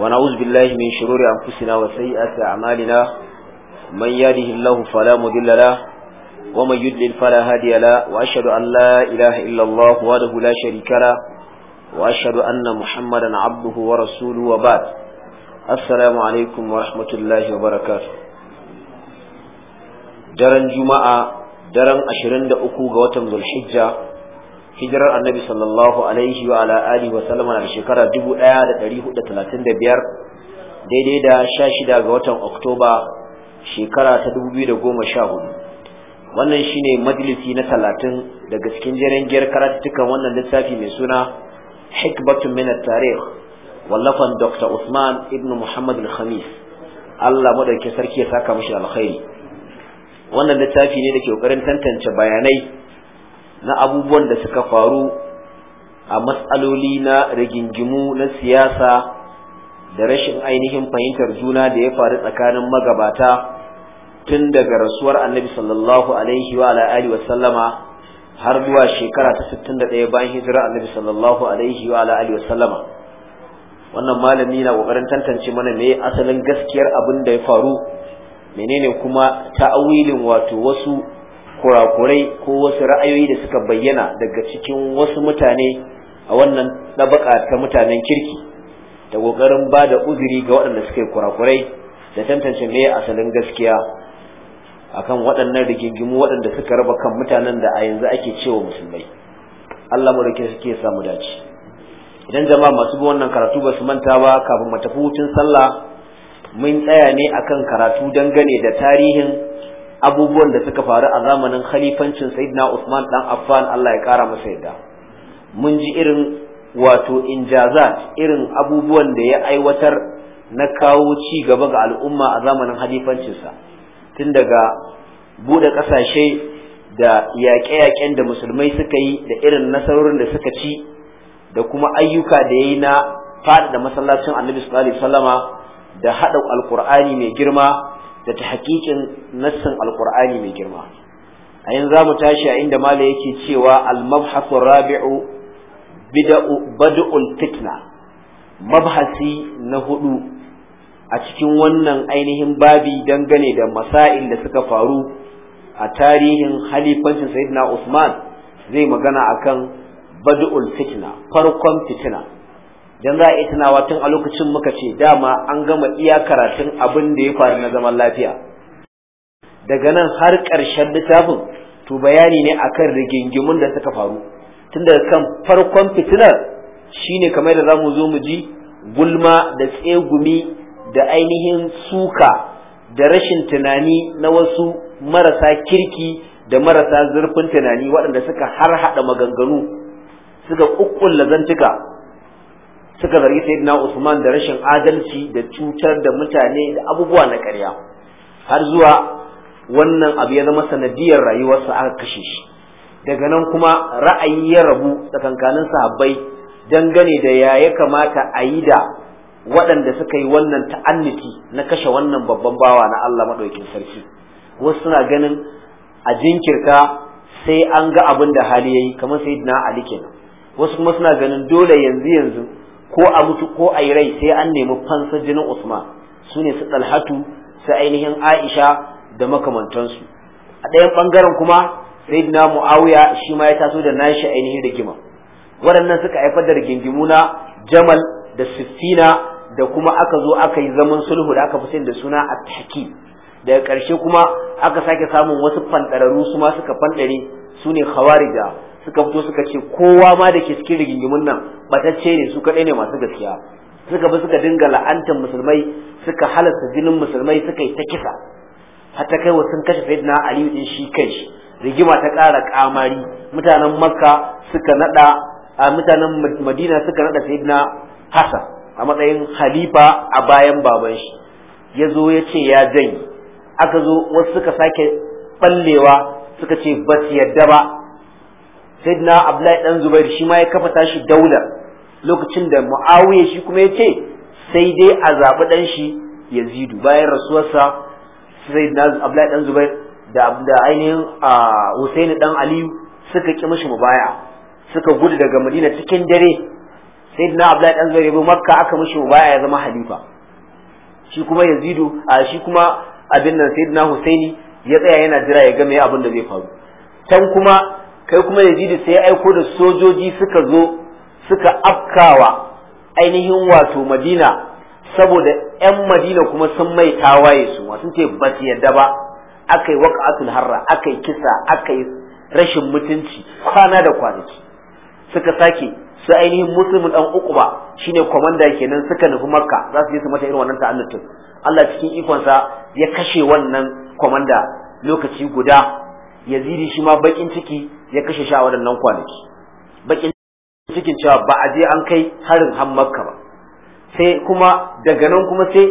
ونعوذ بالله من شرور أنفسنا وسيئات أعمالنا من يهده الله فلا مضل له ومن يضلل فلا هادي له وأشهد أن لا إله إلا الله وحده لا شريك له وأشهد أن محمدا عبده ورسوله وبعد السلام عليكم ورحمة الله وبركاته daren juma'a daren 23 ga watan zulhijja hijirar annabi sallallahu alaihi wa ala alihi wa sallama da shekara 1435 daidai da 16 ga watan oktoba shekara ta 2014 wannan shine majalisi na 30 daga cikin jerin giyar karatukan wannan littafi mai suna hikbatun min at-tarikh wallafan dr usman ibn muhammad al-khamis Allah madauke sarki ya saka mishi alkhairi wannan littafi ne da ke kokarin tantance bayanai na abubuwan da suka faru a matsaloli na rigingimu na siyasa da rashin ainihin fahimtar juna da ya faru tsakanin magabata tun daga rasuwar annabi sallallahu alaihi wa wa har zuwa shekara ta 61 bayan hijira annabi sallallahu alaihi wa wa wannan malami na ƙoƙarin tantance mana me asalin gaskiyar abin da ya faru menene kuma ta'awilin wato wasu kurakurai ko wasu ra'ayoyi da suka bayyana daga cikin wasu mutane a wannan ɗabaka ta mutanen kirki da ƙoƙarin ba da uzuri ga waɗanda suka yi kurakurai da tantance mai asalin gaskiya akan waɗannan rigingimu waɗanda suka raba kan mutanen da a yanzu ake cewa musulmai Allah mu rike suke samu dace idan jama'a masu bi wannan karatu ba su manta ba kafin mu tafi hutun sallah mun tsaya ne akan karatu dangane da tarihin abubuwan da suka faru a zamanin khalifancin sayyidina Usman dan Affan Allah ya kara masa yadda mun ji irin wato injazat irin abubuwan da ya aiwatar na kawo ci gaba ga al'umma a zamanin halifancinsa tun daga bude kasashe da yaƙe-yaƙen da musulmai suka yi da irin nasarorin da suka ci da kuma ayyuka da ya yi na da masallacin annabi sallallahu alaihi wasallama da haɗa alkur'ani mai girma da ta hakikin nassan alƙur'ani mai girma a yanzu za mu tashi a inda mala yake cewa al-mabhasu rabi'u bida'u fitna mabhasi na hudu a cikin wannan ainihin babi dangane da masail da suka faru a tarihin halifancin sayyidina Usman zai magana akan bad'ul fitna farkon fitna. dan za a yi tunawa tun a lokacin muka ce dama an gama iya karatun abin da ya faru na zaman lafiya daga nan har ƙarshen littafin to bayani ne akan rigingimun da suka faru tun daga kan farkon fitilar shine kamar da zamu zo mu ji gulma da tsegumi da ainihin suka da rashin tunani na wasu marasa kirki da marasa zurfin tunani waɗanda suka har haɗa maganganu suka ƙuƙƙulla zantuka suka zargi na Usman da rashin adalci da cutar da mutane da abubuwa na karya, har zuwa wannan abu ya zama sanadiyar rayuwarsa aka kashe shi daga nan kuma ra'ayi ya rabu tsakankanin sahabbai dangane da ya ya kamata a yi da waɗanda suka yi wannan ta'anniki na kashe wannan babban bawa na Allah maɗaukin sarki wasu suna ganin a jinkirka sai an ga abin da hali ya yi kamar sayyidina Ali kenan wasu kuma suna ganin dole yanzu yanzu ko a mutu ko a yi rai sai an nemi fansa jinin Usman su ne su ɗalhatu su ainihin Aisha da makamantansu a ɗayan ɓangaren kuma sai Muawiya shi ma ya taso da nashi ainihin rigima waɗannan suka haifar da rigingimu na Jamal da Siffina da kuma aka zo aka yi zaman sulhu da aka fi da suna a taki daga ƙarshe kuma aka sake samun wasu fanɗararru su ma suka fanɗare su ne khawarija suka fito suka ce kowa ma da ke cikin rigingimun nan batacce ne su kaɗai ne masu gaskiya suka bi suka dinga la'antar musulmai suka halarta jinin musulmai suka yi ta kisa har ta kai sun kashe na ali din shi kanshi rigima ta ƙara kamari mutanen makka suka nada a mutanen madina suka nada na hasan a matsayin khalifa a bayan baban shi ya zo ya ce ya aka zo wasu suka sake ballewa suka ce ba su yadda ba sayyidina abdullahi dan zubair shi ma ya kafa tashi daular lokacin da muawiya shi kuma ya ce sai dai a zaɓi ɗan shi yazidu bayan rasuwarsa sai na abdullahi dan zubair da ainihin husaini dan aliyu suka ki mishi mubaya suka gudu daga madina cikin dare sai na abdullahi dan zubair ya bi makka aka mishi mubaya ya zama halifa shi kuma yazidu a shi kuma abin nan sayyidina husaini ya tsaya yana jira ya ga me abin da zai faru can kuma kai kuma yazidu sai ya aiko da sojoji suka zo suka afkawa ainihin wato madina saboda 'yan madina kuma sun mai tawaye su sun ce ba su yadda ba aka yi harra aka yi kisa aka yi rashin mutunci kwana da kwanaki suka sake su ainihin musulmin dan ukuba shine ke kenan suka nufi makka za su yi su mata irin wannan ta'allutin Allah cikin ikonsa ya kashe wannan kwamanda lokaci guda yazidi shi ma bakin ciki ya kashe shi a waɗannan kwanaki cikin cewa ba a je an kai harin hammakka ba sai kuma daga nan kuma sai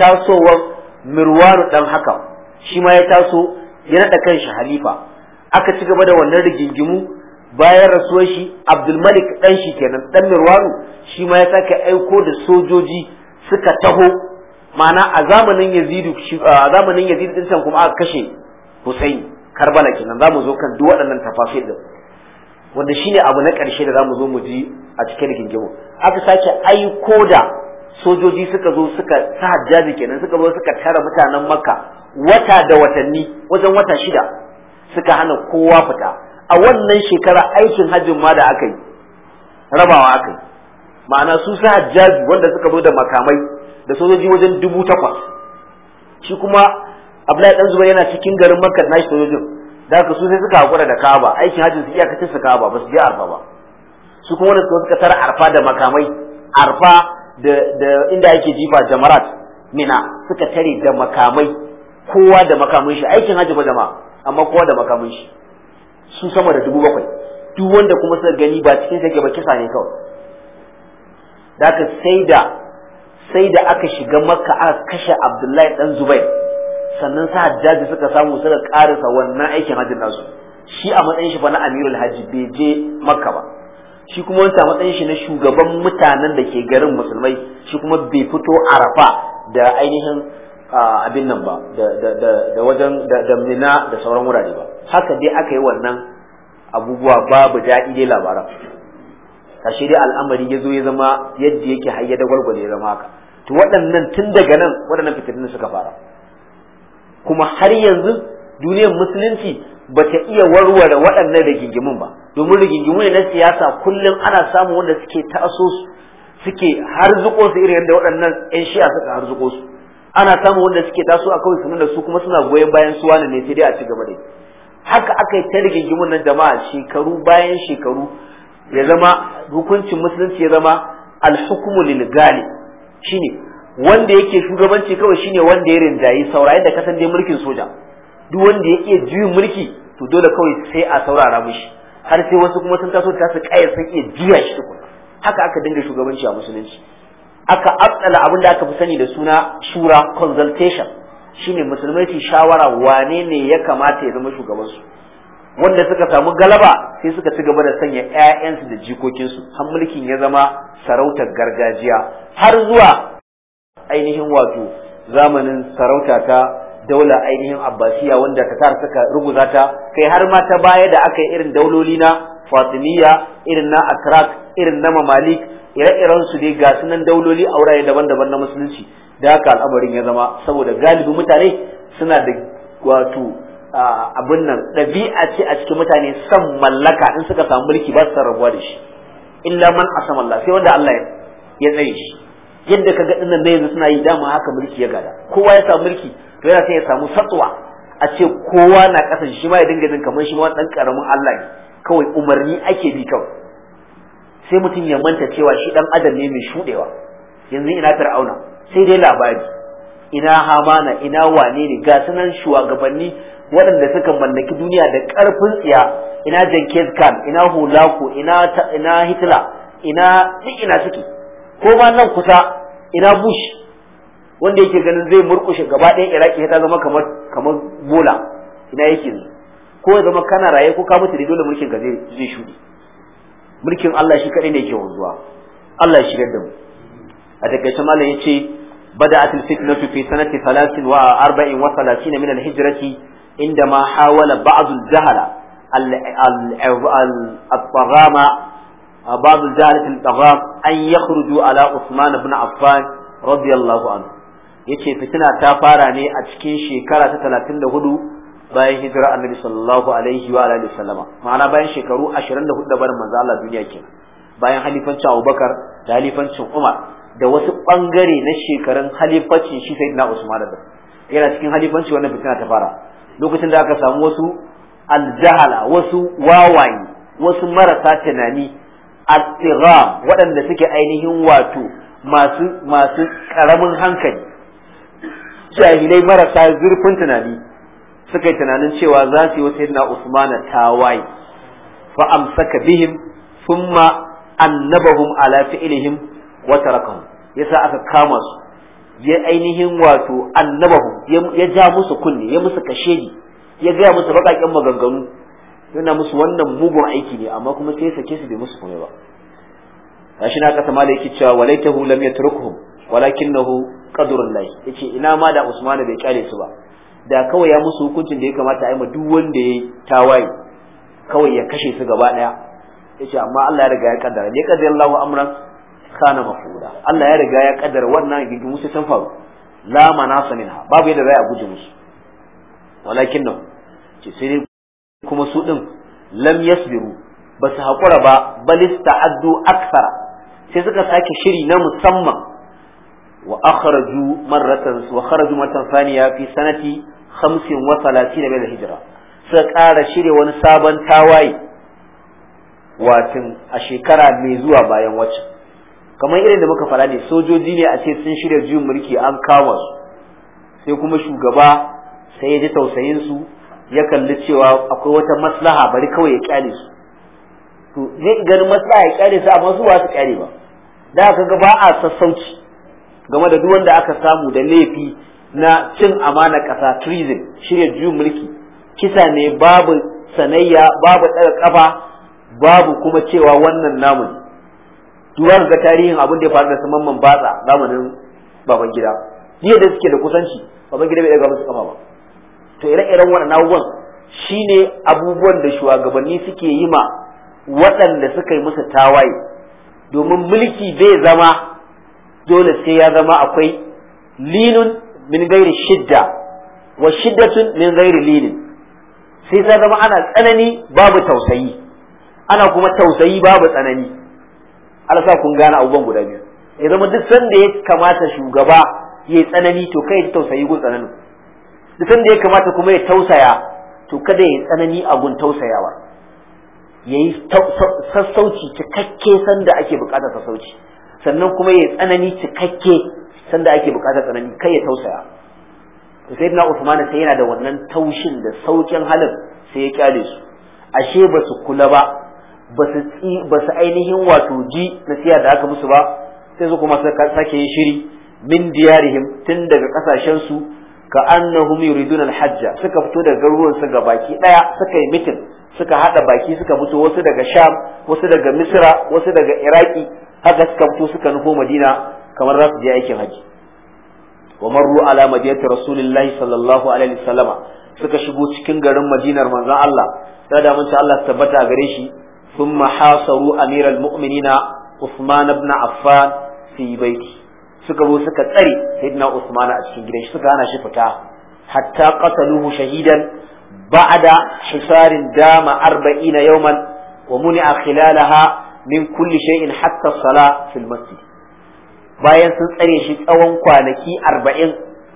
tasowar mirwaru dan haka shi ma ya taso ya naɗa kanshi halifa aka ci gaba da wannan rigingimu bayan rasuwar shi abdulmalik dan shi kenan dan mirwaru shi ma ya sake aiko da sojoji suka taho ma'ana a zamanin yazidu a zamanin yazidu din kuma aka kashe husaini karbala kenan za mu zo kan duk waɗannan tafasir din wanda shine abu na ƙarshe da zamu zo mu ji a cikin rigingimu aka sake aiko da sojoji suka zo suka sa hajjaji kenan suka zo suka tara mutanen makka wata da watanni wajen wata shida suka hana kowa fita a wannan shekara aikin hajjin ma da aka yi rabawa aka yi ma'ana su sa hajjaji wanda suka zo da makamai da sojoji wajen dubu takwas shi kuma Abdullahi dan zuba yana cikin garin Makka nashi sojojin da haka su sai suka hakura da Ka'aba aikin hajji su iyakacin su Ka'aba ba su je Arfa ba su kuma wanda suka tara Arfa da makamai Arfa da da inda ake jifa jamarat mina suka tare da makamai kowa da makamin shi aikin hajji ba jama'a amma kowa da makamin shi su sama da dubu bakwai duk wanda kuma suka gani ba cikin sa ba kisa ne kawai da sai da sai da aka shiga makka aka kashe abdullahi dan zubair sannan sa hajjaji suka samu suka karisa wannan aikin hajjin nasu shi a matsayin shi fa na amirul hajji bai je makka ba shi kuma wanda a matsayin shi na shugaban mutanen da ke garin musulmai shi kuma bai fito arafa da ainihin abin nan ba da wajen da mina da sauran wurare ba haka dai aka yi wannan abubuwa babu daɗi dai labaran kashe dai al'amari ya zo ya zama yadda yake hayya da gwalgwale ya zama haka to waɗannan tun daga nan waɗannan fitilin suka fara kuma har yanzu duniyar musulunci ba ta iya warware waɗannan rigingimun ba domin rigingimu ne na siyasa kullum ana samun wanda suke taso su suke harzuko su irin yadda waɗannan 'yan shi'a suka harzuko su ana samun wanda suke taso a kawai sanar da su kuma suna goyon bayan su wani ne sai dai a ci gaba da haka aka yi ta rigingimun nan jama'a shekaru bayan shekaru ya zama hukuncin musulunci ya zama alhukumu lil gali shine wanda yake shugabanci kawai shine wanda ya rinjayi saurayin da kasan dai mulkin soja duk wanda ya iya juyin mulki to dole kawai sai a saurara mishi har sai wasu kuma sun taso ta su kaya sun iya jiya shi tukun haka aka dinga shugabanci a musulunci aka abdala abin da aka fi sani da suna shura consultation shine musulmai su shawara wane ne ya kamata ya zama shugaban su wanda suka samu galaba sai suka ci gaba da sanya ƴaƴansu da jikokinsu har mulkin ya zama sarautar gargajiya har zuwa ainihin wato zamanin sarauta ta daula ainihin abbasiya wanda katar suka ruguza ta kai har ma ta baya da aka yi irin dauloli na fatimiyya irin na atrak irin na mamalik ire-iren su dai ga sunan dauloli a wurare daban-daban na musulunci da haka al'amarin ya zama saboda galibi mutane suna da wato abin nan ɗabi'a ce a cikin mutane san mallaka in suka samu mulki ba su rabuwa da shi illa man asama Allah sai wanda Allah ya tsaye shi yadda ka ga dinnan na yanzu suna yi dama haka mulki ya gada kowa ya samu mulki to yana sai ya samu satsuwa a ce kowa na kasan shi ma ya dinga jin kamar shi ma dan karamin Allah ne kawai umarni ake bi kawai sai mutum ya manta cewa shi ɗan adam ne mai shuɗewa. yanzu ina fir'auna sai dai labari ina hamana ina wane ne ga sunan shugabanni waɗanda suka mallaki duniya da ƙarfin tsiya ina jenkins khan ina Hulaku, ina ina hitler ina duk ina suke ko ma nan kusa ina bush wanda yake ganin zai murkushe gaba ɗayan iraki ya ta zama kamar kamar bola ina yake ne ko ya zama kana raye ko ka mutu da dole mulkin ka zai shuɗe mulkin Allah shi kaɗai ne yake wanzuwa Allah ya shigar da mu a takaice malam yace بدأت الفتنة في al ثلاث وأربع وثلاثين من الهجرة عندما al al al الطغامة بعض الجهلة الطغاة أن an على عثمان بن عفان رضي الله عنه yace fitina ta fara ne a cikin shekara ta 34 bayan hijira annabi sallallahu alaihi wa alihi wasallama ma'ana bayan shekaru 24 da barin manzo Allah duniya kenan bayan halifancin Abubakar da halifancin Umar da wasu bangare na shekarun halifacin shi sayyidina Usman da yana cikin halifanci wannan fitina ta fara lokacin da aka samu wasu aljahala wasu wawaye wasu marasa tunani attigham waɗanda suke ainihin wato masu masu karamin hankali jahilai marasa zurfin tunani suka yi tunanin cewa za su yi wa yadda Usman tawaye fa amsaka bihim thumma annabahum ala fi'lihim wa tarakahum yasa aka kama su ya ainihin wato annabahum ya ja musu kunne ya musu kashedi ya gaya musu baƙaƙen maganganu yana musu wannan mugun aiki ne amma kuma sai sake su bai musu komai ba gashi na kasa mala yake cewa walaitahu lam yatrukhum walakinahu qadrul lahi yace ina ma da usman bai kyale su ba da kawai ya musu hukuncin da ya kamata a yi ma duk wanda ya tawaye kawai ya kashe su gaba daya yace amma Allah ya riga ya kaddara ne kaddara Allahu amran kana mafuda Allah ya riga ya kaddara wannan gidi musu san faru la manasa minha babu yadda za a guje musu walakinahu ce sai dai kuma su din lam yasbiru ba su haƙura ba balista addu aksara sai suka sake shiri na musamman wa akhraju marratan wa kharaju marratan thaniya fi sanati 35 min hijira suka ƙara shirya wani sabon tawaye wato a shekara mai zuwa bayan wacce kamar irin da muka fara ne sojoji ne a ce sun shirya juyin mulki an kama su sai kuma shugaba sai ya ji tausayin su ya kalli cewa akwai wata maslaha bari kawai ya kyale su to zai ganin maslaha ya kyale su amma su ba su kyale ba da aka ga ba a sassauci game da duk wanda aka samu da laifi na cin amana kasa treason shirya juyin mulki kisa ne babu sanayya babu daga kafa babu kuma cewa wannan namu ne duwar ga tarihin abin da ya faru da saman man batsa zamanin baban gida jiya da suke da kusanci baban gida bai daga musu kafa ba to ire-iren wannan abubuwan shine abubuwan da shugabanni suke yi ma waɗanda suka yi musu tawaye domin mulki bai zama dole sai ya zama akwai linun min gairi shidda wa shiddatun min gairi linin sai ta zama ana tsanani babu tausayi ana kuma tausayi babu tsanani Allah sa kun gane abubuwan guda biyu ya zama duk sanda ya kamata shugaba ya yi tsanani to kai tausayi gun tsananin duk da ya kamata kuma ya tausaya to kada ya tsanani a gun tausayawa yayi sassauci cikakke sanda ake bukatar sassauci sannan kuma ya tsanani cikakke sanda ake bukatar tsanani kai ya tausaya to sai na Uthman sai yana da wannan taushin da saukin halin sai ya kyale su ashe ba su kula ba ba su ainihin wato ji nasiha da aka musu ba sai su kuma sake yin shiri min diyarihim tun daga kasashen su ka annahum yuriduna al-hajja suka fito daga garuruwan su ga baki daya suka yi mitin suka hada baki suka fito wasu daga sham wasu daga misra wasu daga iraki haka suka fito suka nufo madina kamar za su je aikin haji wa marru ala madinati rasulillahi sallallahu alaihi wasallama suka shigo cikin garin madinar manzon Allah sai da mun Allah tabbata gare shi thumma hasaru amiral mu'minina Uthman ibn Affan fi baiti suka zo suka tsare sayyidina Usman a cikin gidan shi suka hana shi fita hatta qataluhu shahidan ba'da hisarin dama 40 yawman wa muni'a khilalaha min kulli shay'in hatta sala fil masjid bayan sun tsare shi tsawon kwanaki arba'in,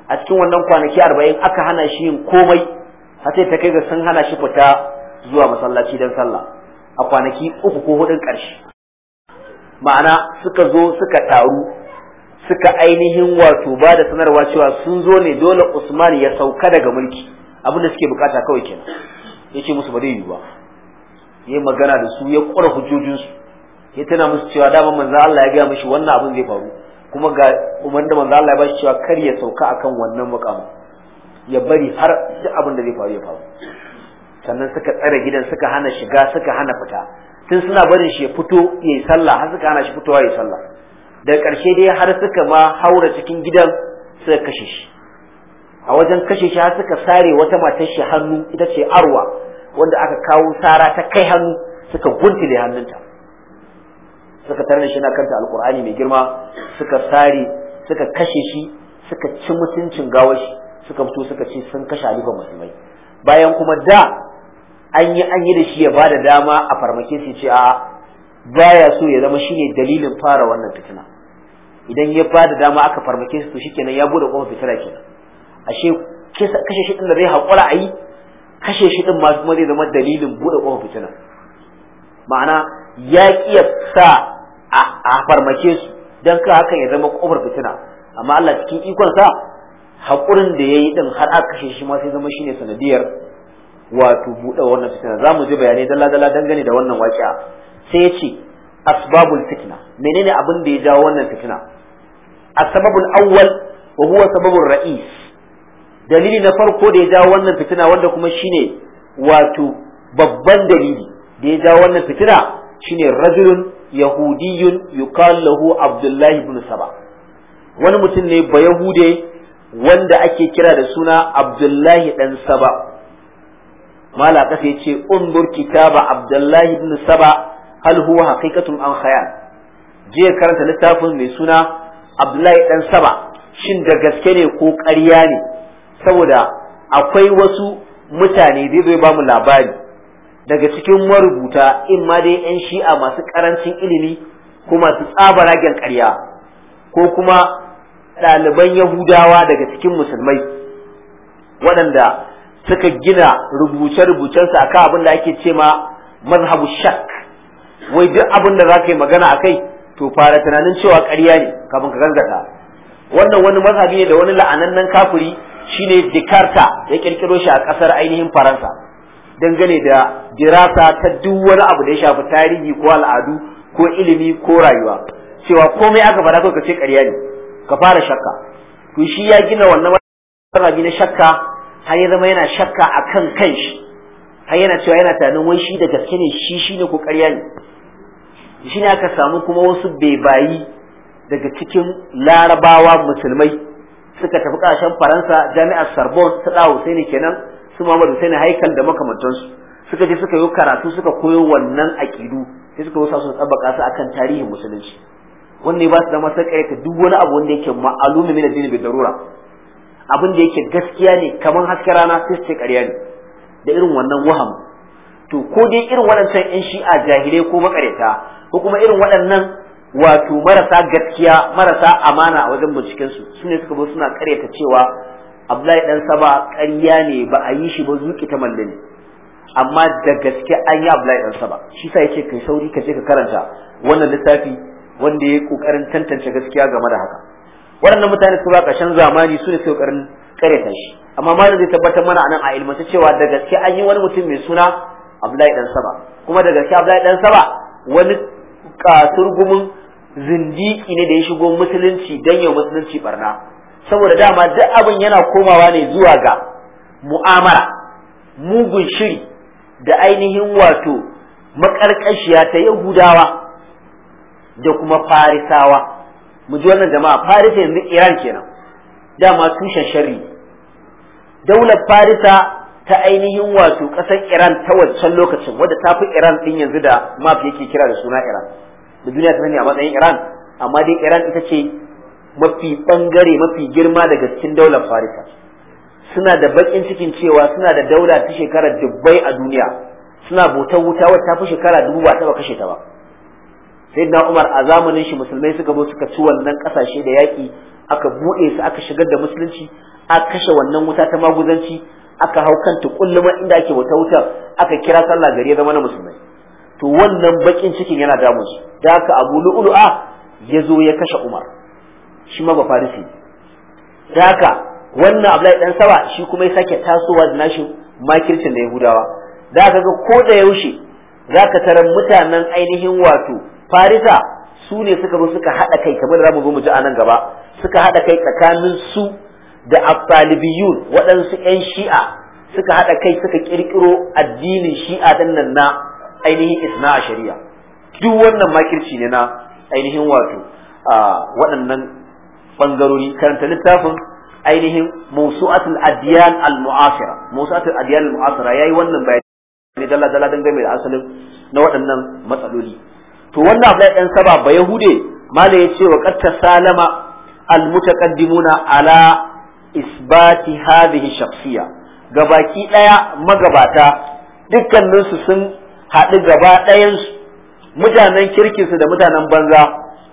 a cikin wannan kwanaki arba'in aka hana shi yin komai har sai ta kai ga sun hana shi fita zuwa masallaci dan sallah a kwanaki uku ko hudun ƙarshe ma'ana suka zo suka taru suka ainihin wato ba da sanarwa cewa sun zo ne dole Usman ya sauka daga mulki abinda suke bukata kawai kenan yace musu ba zai yi ba yi magana da su ya kora hujjojinsu ya tana musu cewa dama manzo Allah ya gaya mishi wannan abin zai faru kuma ga umar da manzo Allah ya bashi cewa kar ya sauka akan wannan mukamin ya bari har duk abin da zai faru ya faru sannan suka tsare gidan suka hana shiga suka hana fita tun suna barin shi ya fito ya yi sallah har suka hana shi fitowa ya yi sallah da ƙarshe dai har suka ma haura cikin gidan suka kashe shi a wajen kashe shi har suka sare wata matar shi hannu ita ce arwa wanda aka kawo sara ta kai hannu suka guntule hannunta suka tarna shi na kanta alkur'ani mai girma suka sare suka kashe shi suka ci mutuncin gawar shi suka fito suka ce sun kashe alifan musulmai bayan kuma da an yi an yi da shi ya ba da dama a farmake su ce a baya so ya zama shine dalilin fara wannan fitina idan ya ba da dama aka farmake su to shikenan ya bude kofar fitina kenan ashe kashe shi din da zai hakura a yi kashe shi din ma kuma zai zama dalilin bude kofar fitina ma'ana ya kiya sa a farmake su dan ka hakan ya zama kofar fitina amma Allah cikin ikon sa haƙurin da yayi din har aka kashe shi ma sai zama shine sanadiyar wato bude wannan fitina zamu ji bayanai dalla-dalla dangane da wannan waƙiya sai ya ce asbabul fitna menene abin da ya jawo wannan fitina السبب الأول وهو سبب الرئيس dalili na farko da ya jawo wannan fitina wanda kuma shine wato babban dalili da ya jawo wannan fitina shine rajulun yahudiyyun yuqallahu abdullahi ibn saba wani mutum ne ba yahude wanda ake kira da suna abdullahi dan saba mala kasa yace undur kitaba abdullahi ibn saba hal huwa haqiqatun an khayal je karanta littafin mai suna abdullahi ɗan saba shin da gaske ne ko ƙarya ne saboda akwai wasu mutane dai zai bamu labari daga cikin marubuta in ma dai yan shi'a masu ƙarancin ilimi ko masu tsabaragen ƙarya ko kuma ɗaliban yahudawa daga cikin musulmai waɗanda suka gina rubuce-rubucensu a kan abin da ake ce ma mazhabu shak wai duk abin da za ka yi magana a kai to fara tunanin cewa ƙarya ne kafin ka gaskata wannan wani mazhabi ne da wani la'anannen kafiri shine dikarta ya kirkiro shi a ƙasar ainihin Faransa dangane da dirasa ta duk wani abu da ya shafi tarihi ko al'adu ko ilimi ko rayuwa cewa komai aka faɗa kai ka ce ƙarya ne ka fara shakka to shi ya gina wannan mazhabi na shakka har ya zama yana shakka akan kanshi har yana cewa yana tunanin wai shi da gaske ne shi shine ko ƙarya ne shi ne aka samu kuma wasu bebayi daga cikin larabawa musulmai suka tafi ƙasashen faransa jami'ar sarbon ta ɗawo sai ne kenan su muhammadu sai ne haikal da makamantansu suka je suka yi karatu suka koyo wannan aƙidu sai suka wasa su tsabaka su akan tarihin musulunci wannan ba su zama sai ƙarƙa duk wani abu wanda yake ma'alumi min addini bi darura abin da yake gaskiya ne kaman hasken rana sai su ce ƙarya ne da irin wannan waham to ko dai irin waɗancan 'yan shi'a jahilai ko maƙaryata ko kuma irin waɗannan wato marasa gaskiya marasa amana a wajen bincikensu su ne suka zo suna karyata cewa abdullahi dan saba ƙarya ne ba a yi shi ba zuƙi ta mallane amma da gaske an yi abdullahi dan saba shi sa yace kai sauri ka je ka karanta wannan littafi wanda ya kokarin tantance gaskiya game da haka waɗannan mutane su ba ƙarshen zamani su ne suka kokarin karyata shi amma malam zai tabbatar mana anan a ta cewa da gaske an yi wani mutum mai suna abdullahi dan saba kuma da gaske abdullahi dan saba wani katurgumin zindiki ne da ya shigo musulunci dan yau musulunci barna saboda dama duk abin yana komawa ne zuwa ga mu'amara mugun shiri da ainihin wato makarkashiya ta yahudawa da kuma farisawa mu ji wannan jama'a farisa yanzu iran kenan dama tushen sharri daular farisa ta ainihin wato ƙasar iran ta wancan lokacin wadda ta fi iran ɗin yanzu da map yake kira da suna iran da duniya ta sani a matsayin Iran amma dai Iran ita ce mafi bangare mafi girma daga cikin daular Farisa suna da bakin cikin cewa suna da daula ta shekarar dubbai a duniya suna bautar wuta wata fi shekara dubu ba taba kashe ta ba sai na Umar a zamanin shi musulmai suka zo suka ci wannan kasashe da yaki aka buɗe su aka shigar da musulunci aka kashe wannan wuta ta maguzanci aka hau kan tukulluma inda ake wata wuta aka kira sallah gari ya zama na musulmai to wannan bakin cikin yana damun su da haka abu lu'lu'a ya zo ya kashe umar shi ma ba farisi da haka wannan abdullahi dan saba shi kuma ya sake tasowa da nashi makircin da yahudawa da haka ga ko da yaushe zaka tarar mutanen ainihin wato farisa su ne suka zo suka haɗa kai kamar da zamu zo mu ji a nan gaba suka haɗa kai tsakanin su da afalibiyun waɗansu 'yan shi'a suka haɗa kai suka ƙirƙiro addinin shi'a ɗin nan na ainihin isna a shari'a duk wannan makirci ne na ainihin wato a waɗannan bangarori karanta littafin ainihin mawsu'atul adiyan al-mu'asira mawsu'atul adiyan al-mu'asira yayi wannan bayani dalla dalla dan game da asalin na waɗannan matsaloli to wannan abu dan saba ba yahude mala yace wa qad salama al-mutaqaddimuna ala isbati hadhihi shakhsiyya gabaki daya magabata dukkaninsu sun haɗu gaba ɗayansu mutanen kirkinsu da mutanen banza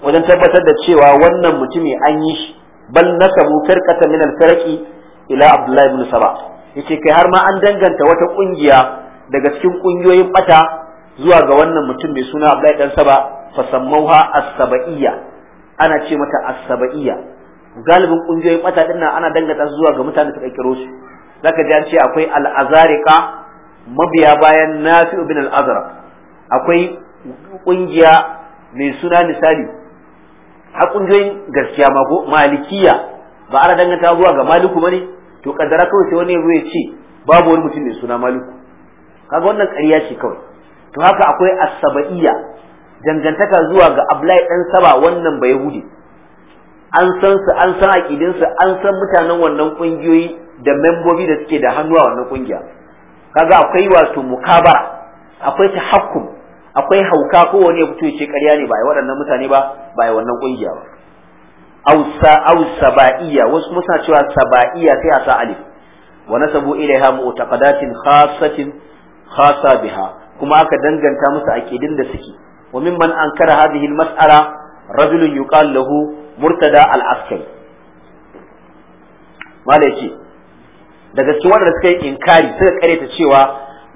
wajen tabbatar da cewa wannan mutumi an yi shi bal samu firqata min alfaraki ila Abdullahi ibn Saba yace kai har ma an danganta wata kungiya daga cikin kungiyoyin bata zuwa ga wannan mutum mai suna Abdullahi dan Saba sammauha as-saba'iyya ana ce mata as-saba'iyya galibin kungiyoyin bata dinnan ana danganta zuwa ga mutanen da kiro su zaka ji an ce akwai al-azariqa mabiya bayan nafi'u bin al akwai kungiya mai suna misali a kungiyoyin gaskiya ma malikiya ba ana danganta zuwa ga maliku bane to kaddara kawai sai wani ya ya ce babu wani mutum mai suna maliku kaga wannan ƙarya ce kawai to haka akwai asaba'iyya dangantaka zuwa ga ablai dan Saba wannan ba Yahudi an san su an san aqidinsu an san mutanen wannan kungiyoyi da membobi da suke da hannu a wannan kungiya kaga akwai wato mukabara akwai tahakkum akwai hauka ko wani ya fito ya ce ƙarya ne ba ai waɗannan mutane ba ba ai wannan ƙungiya ba ausa au sabaiya wasu kuma suna cewa sabaiya sai a sa alif wa nasabu ilaiha mu'taqadatin khassatin khassa biha kuma aka danganta musu aqidin da suke wa mimman ankara hadhihi al-mas'ala rajulun yuqal lahu murtada al-askari malaki daga cikin wanda suka yi inkari suka karyata cewa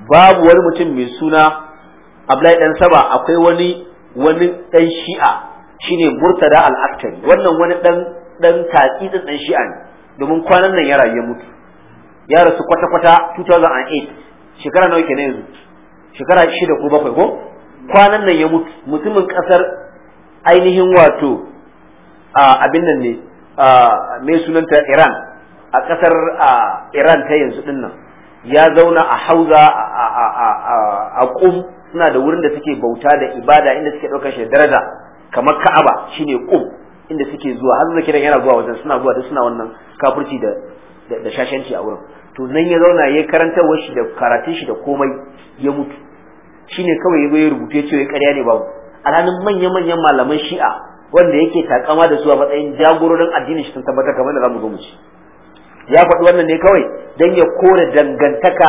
babu wani mutum mai suna Abdullahi dan Saba akwai wani wani dan Shi'a shine Murtada al-Askari wannan wani dan dan tatsitsin dan Shi'a ne domin kwanan nan ya rayu mutu ya rasu kwata kwata 2008 shekara nawa kenan yanzu shekara 6 ko 7 ko kwanan nan ya mutu mutumin kasar ainihin wato abin nan ne mai sunanta Iran a ƙasar Iran ta yanzu ɗin nan ya zauna a hauza a ƙum suna da wurin da suke bauta da ibada inda suke ɗaukar shi daraja kamar Ka'aba shine ƙum inda suke zuwa har zuwa kiran yana zuwa wajen suna zuwa da suna wannan kafirci da da shashanci a wurin to nan ya zauna ya karantarwa shi da karatun shi da komai ya mutu shine kawai ya zo ya rubuta ya ce ya ƙarya ne babu alhalin manya-manyan malaman shi'a wanda yake takama da su a matsayin jagororin addinin shi sun tabbatar kamar da za mu zo mu ci ya faɗi wannan ne kawai don ya kore dangantaka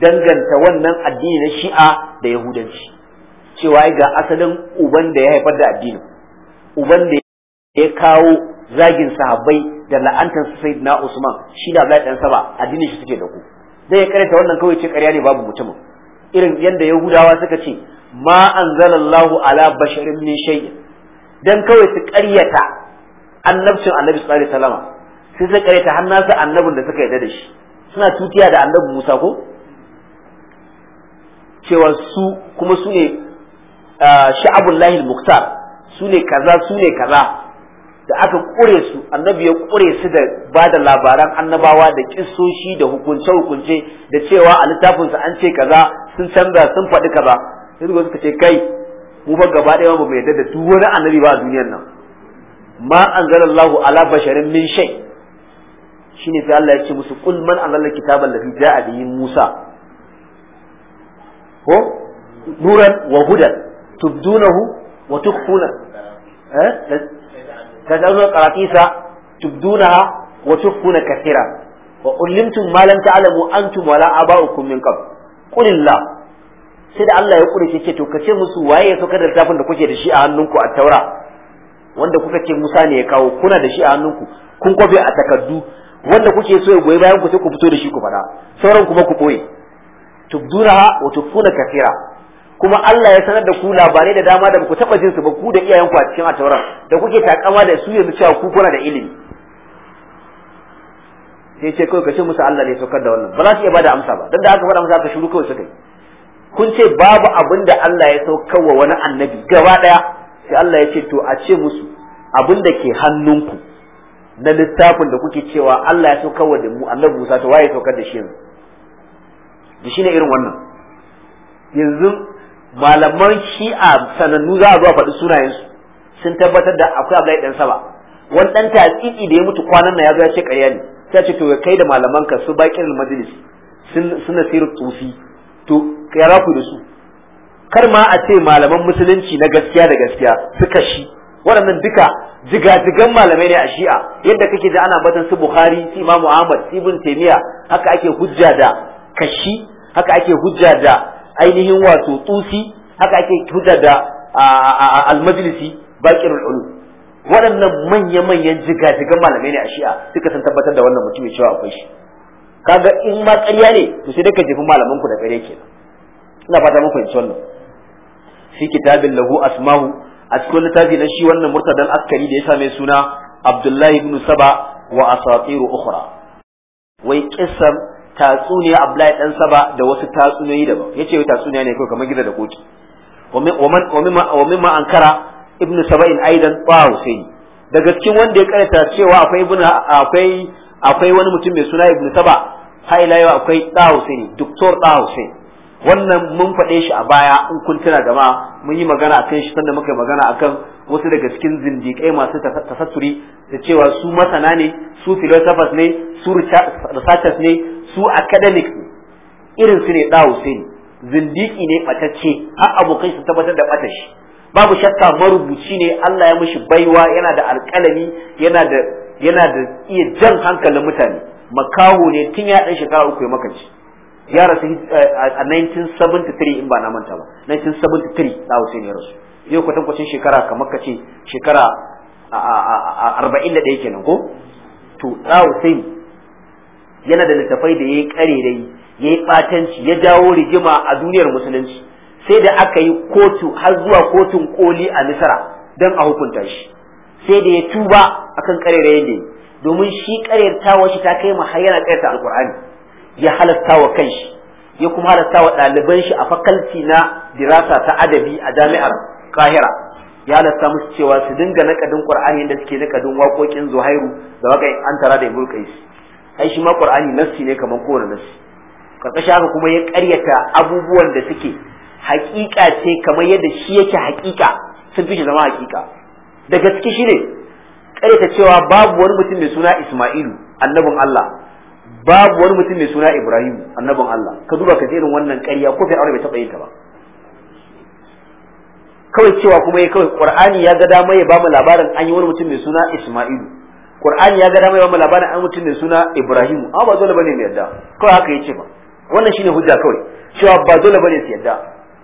danganta wannan addini na shi'a da yahudanci cewa ga asalin uban da ya haifar da addinin uban da ya kawo zagin sahabbai da la'antar su na usman shi da abdullahi dan saba addinin shi suke da ku zai ya karanta wannan kawai ce karya ne babu mutumin irin yadda yahudawa suka ce ma anzalallahu ala basharin min shay'in dan kawai su karyata annabcin annabi sallallahu alaihi wasallam sai suka kare ta hannasa annabin da suka yarda da shi suna tutiya da annabi Musa ko cewa su kuma su ne sha'abullahi al-muktar su ne kaza su ne kaza da aka kure su annabi ya kure su da ba da labaran annabawa da kissoshi da hukunce hukunce da cewa a littafinsa an ce kaza sun canza sun faɗi kaza sai suka ce kai mu ba gaba ɗaya ba mu yarda da duk wani annabi ba a duniyar nan ma anzalallahu ala basharin min shay shine sai Allah ya ce musu kul man anzalna kitaban ladhi ja'a bihi Musa ko nuran wa hudan tubdunahu wa tukhuna eh taj'aluna qaratisa tubdunaha wa tukhuna kathira wa ulimtum ma lam ta'lamu antum wala aba'ukum min qabl qul sai da Allah ya kure ce to kace musu waye ya saukar da littafin da kuke da shi a hannunku a taura wanda kuka ce Musa ne ya kawo kuna da shi a hannunku kun kwafe a takaddu wanda kuke so ya goyi bayan ku sai ku fito da shi ku faɗa sauran kuma ku ɓoye tubduraha wa tufuna kafira kuma Allah ya sanar da ku labarai da dama da ku taba jin su ba ku da iyayen ku a cikin da kuke takama da su yanzu cewa ku kuna da ilimi sai ce kawai kace musu Allah ne saukar da wannan ba za su iya bada amsa ba dan da aka faɗa masa aka shiru kawai suka yi kun ce babu abin da Allah ya saukar wa wani annabi gaba daya sai Allah ya ce to a ce musu abin da ke hannunku na littafin da kuke cewa Allah ya saukar wa da mu annabi Musa ta waye saukar da shi yanzu da ne irin wannan yanzu malaman shi'a sanannu za a zuwa faɗi sunayensu sun tabbatar da akwai Abdullahi dan Saba wani dan tatsiki da ya mutu kwanan na ya zo ya ce ƙarya ne sai ce to kai da malaman ka su baƙin majalis sun suna sirri tufi to ya ku da su kar ma a ce malaman musulunci na gaskiya da gaskiya suka shi waɗannan duka jigajigan malamai ne a shi'a yadda kake da ana batan su bukhari su imamu ahmad su ibn taymiya haka ake hujja da kashi haka ake hujja da ainihin wato tusi haka ake hujja da al-majlisi baqirul ulum waɗannan manya-manyan jigajigan malamai ne a shi'a suka san tabbatar da wannan mutumin cewa akwai shi kaga in ma ƙarya ne to sai dai ka jefi malaman ku da ƙarya kenan ina fata mun fahimci wannan fi kitabin lahu asma'u a cikin littafi na shi wannan murtadan askari da ya same suna abdullahi ibn saba wa asatiru ukhra wai kissar tatsuniya abdullahi dan saba da wasu tatsuniyoyi daban yace wai tatsuniya ne kawai kamar gida da koki wa mimma ankara ibn saba'in aidan tawa husayn daga cikin wanda ya karanta cewa akwai ibn akwai akwai wani mutum mai suna ibn saba har ila yau akwai da husayn doktor da husayn wannan mun faɗe shi a baya in kun tuna jama'a mun yi magana akan shi sanda muka magana akan wasu daga cikin zindiƙai masu tasatturi da cewa su masana ne su philosophers ne su researchers ne su academics ne irin su ne da Hussein zindiki ne batacce har abokai su tabbatar da bata shi babu shakka marubuci ne Allah ya mishi baiwa yana da alƙalami yana da yana da iya jan hankalin mutane makaho ne tun ya ɗan shekara uku ya makaci ya rasu eh, a 1973 in ba na manta ba 1973 da Hussein ya rasu yau kwatankwacin shekara kamar ka ce shekara arba'in da ɗaya kenan ko to da Hussein yana da littafai da ya yi kare da ya yi ɓatanci ya jawo rigima a duniyar musulunci sai da aka yi kotu har zuwa kotun koli a nisara don a hukunta shi sai da ya tuba akan karerayen da ya domin shi ta shi ta kai ma har yana ta alkur'ani ya halatta wa shi, ya kuma halatta wa ɗaliban shi a fakalti na dirasa ta adabi a jami'ar Kahira ya halatta musu cewa su dinga nakadin ƙur'ani da suke nakadin waƙoƙin Zuhairu da waƙa tara da Ibn Qais ai shi ma Qur'ani nassi ne kamar kowane nassi karkashin haka kuma ya ƙaryata abubuwan da suke haƙiƙa ce kamar yadda shi yake haƙiƙa sun fi shi zama haƙiƙa da gaske shi ne ƙaryata cewa babu wani mutum mai suna Isma'ilu annabin Allah babu wani mutum mai suna Ibrahim annabin Allah ka duba ka irin wannan ƙarya ko fir'auna bai taɓa yin ta ba kawai cewa kuma ya kawai Qur'ani ya ga dama ya bamu labarin an yi wani mutum mai suna Isma'ilu Qur'ani ya ga dama ya bamu labarin an mutum mai suna Ibrahim amma ba dole bane mai yadda kawai haka yace ba wannan shine hujja kawai cewa ba dole bane su yadda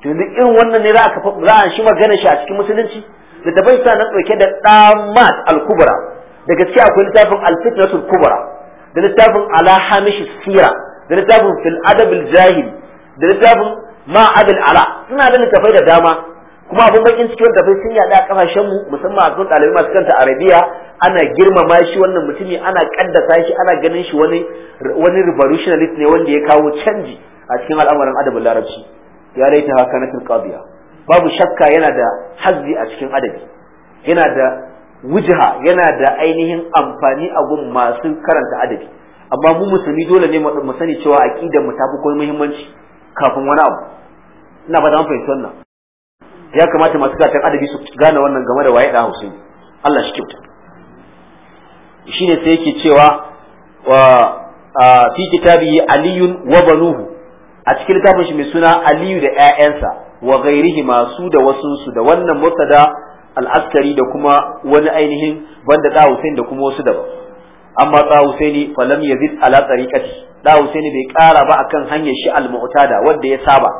to yanzu irin wannan ne za a za a shi magana shi a cikin musulunci da tabai sa nan dauke da damat al-kubra da gaskiya akwai littafin al-fitnatul kubra da littafin ala hamish sira da littafin fil adabil jahil da littafin ma adal ala suna da littafai da dama kuma abin bakin cikin littafai sun yada a kasashen mu musamman a kan ɗalibai masu kanta arabiya ana girmama shi wannan mutumi ana kaddasa shi ana ganin shi wani wani revolutionist ne wanda ya kawo canji a cikin al'amarin adabin larabci ya laita haka na babu shakka yana da hazzi a cikin adabi yana da wujha yana da ainihin amfani a gun masu karanta adabi amma mu musulmi dole ne mu sani cewa aqidar mu tafi komai muhimmanci kafin wani abu ina ba zan fahimci wannan ya kamata masu karatun adabi su gane wannan game da waye da Hausaini Allah shi kyauta shine sai yake cewa wa fi kitabi aliyun wa banuhu a cikin littafin shi mai suna aliyu da ƴaƴansa wa gairihi masu da wasunsu da wannan mutada al'askari da kuma wani ainihin banda da Hussein da kuma wasu daban amma da Husaini falam yazid ala tariqati da Husaini bai kara ba akan hanyar shi al-mu'tada wanda ya saba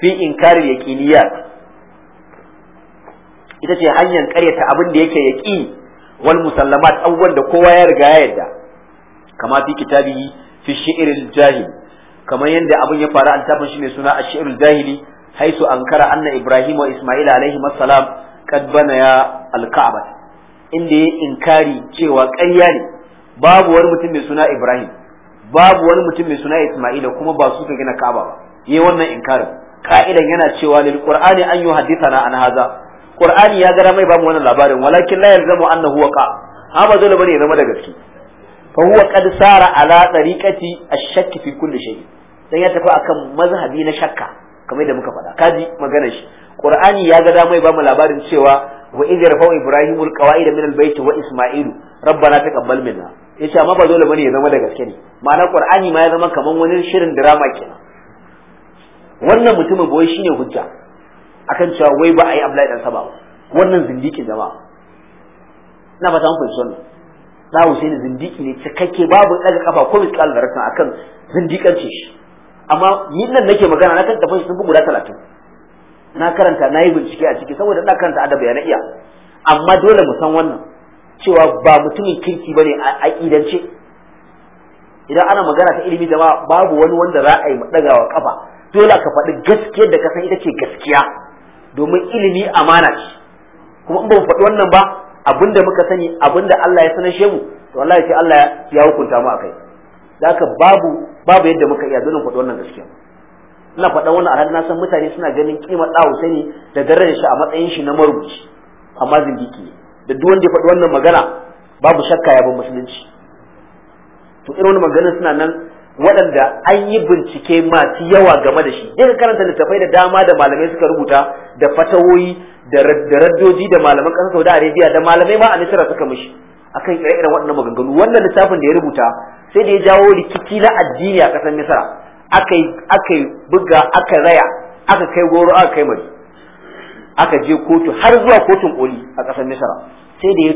fi inkari yaqiniyat ita ce hanyar karyata abin da yake yaqini wal musallamat awwal da kowa ya riga ya yarda kama fi kitabi fi shi'ril jahil kamar yadda abin ya faru an tafin shi mai suna a shirul jahili haisu ankara anna ibrahim wa isma'il alaihi assalam kad bana ya alka'aba inda ya inkari cewa ƙarya ne babu wani mutum mai suna Ibrahim babu wani mutum mai suna Isma'ila kuma ba su ka gina Ka'aba ba yi wannan inkarin ka'idan yana cewa lil qur'ani an na an haza qur'ani ya gara mai bamu wannan labarin walakin la yalzamu annahu waqa ha ba dole bane ya zama da gaske fa huwa qad sara ala tariqati ash fi kulli shay dan ya tafi akan mazhabi na shakka kamar da muka faɗa kaji maganar shi qur'ani ya ga mai ba bamu labarin cewa wa idh yarfa'u ibrahimu alqawaid min albayt wa isma'ilu rabbana taqabbal minna yace amma ba dole bane ya zama da gaske ne ma'ana qur'ani ma ya zama kaman wani shirin drama kenan wannan mutumin boye shine hujja akan cewa wai ba a yi abdullahi dan sabawa wannan zindiki jama'a ina fata mun fahimci wannan na Husaini zindiki ne cikakke babu daga kafa ko miskal da rakan akan ce shi amma yin nan nake magana na kan tafi sun fi guda talatin na karanta na yi bincike a ciki saboda na karanta adabi ya na iya amma dole mu san wannan cewa ba mutumin kirki bane a aƙidance idan ana magana ta ilimi jama'a babu wani wanda za a yi dagawa kafa dole ka faɗi gaskiyar da ka san ita ce gaskiya domin ilimi amana ce kuma in ba mu faɗi wannan ba abinda muka sani abinda Allah ya sanar mu, to wallahi sai Allah ya hukunta mu akai zaka babu babu yadda muka iya dole mu faɗi wannan gaskiya ina faɗa wannan alhali na san mutane suna ganin kima ɗa sani da darar shi a matsayin shi na marubuci amma zindiki ne da duk wanda ya faɗi wannan magana babu shakka ya bar musulunci to irin wannan maganar suna nan waɗanda an yi bincike masu yawa game da shi ka karanta littattafai da dama da malamai suka rubuta da fatawoyi da raddoji da malaman ƙasar Saudi Arabia da malamai ma a nasara suka mishi akan ire-iren waɗannan maganganu wannan littafin da ya rubuta sai da ya jawo rikici na addini a ƙasar Misra aka buga aka raya aka kai goro aka kai mai aka je kotu har zuwa kotun koli a ƙasar misra sai da ya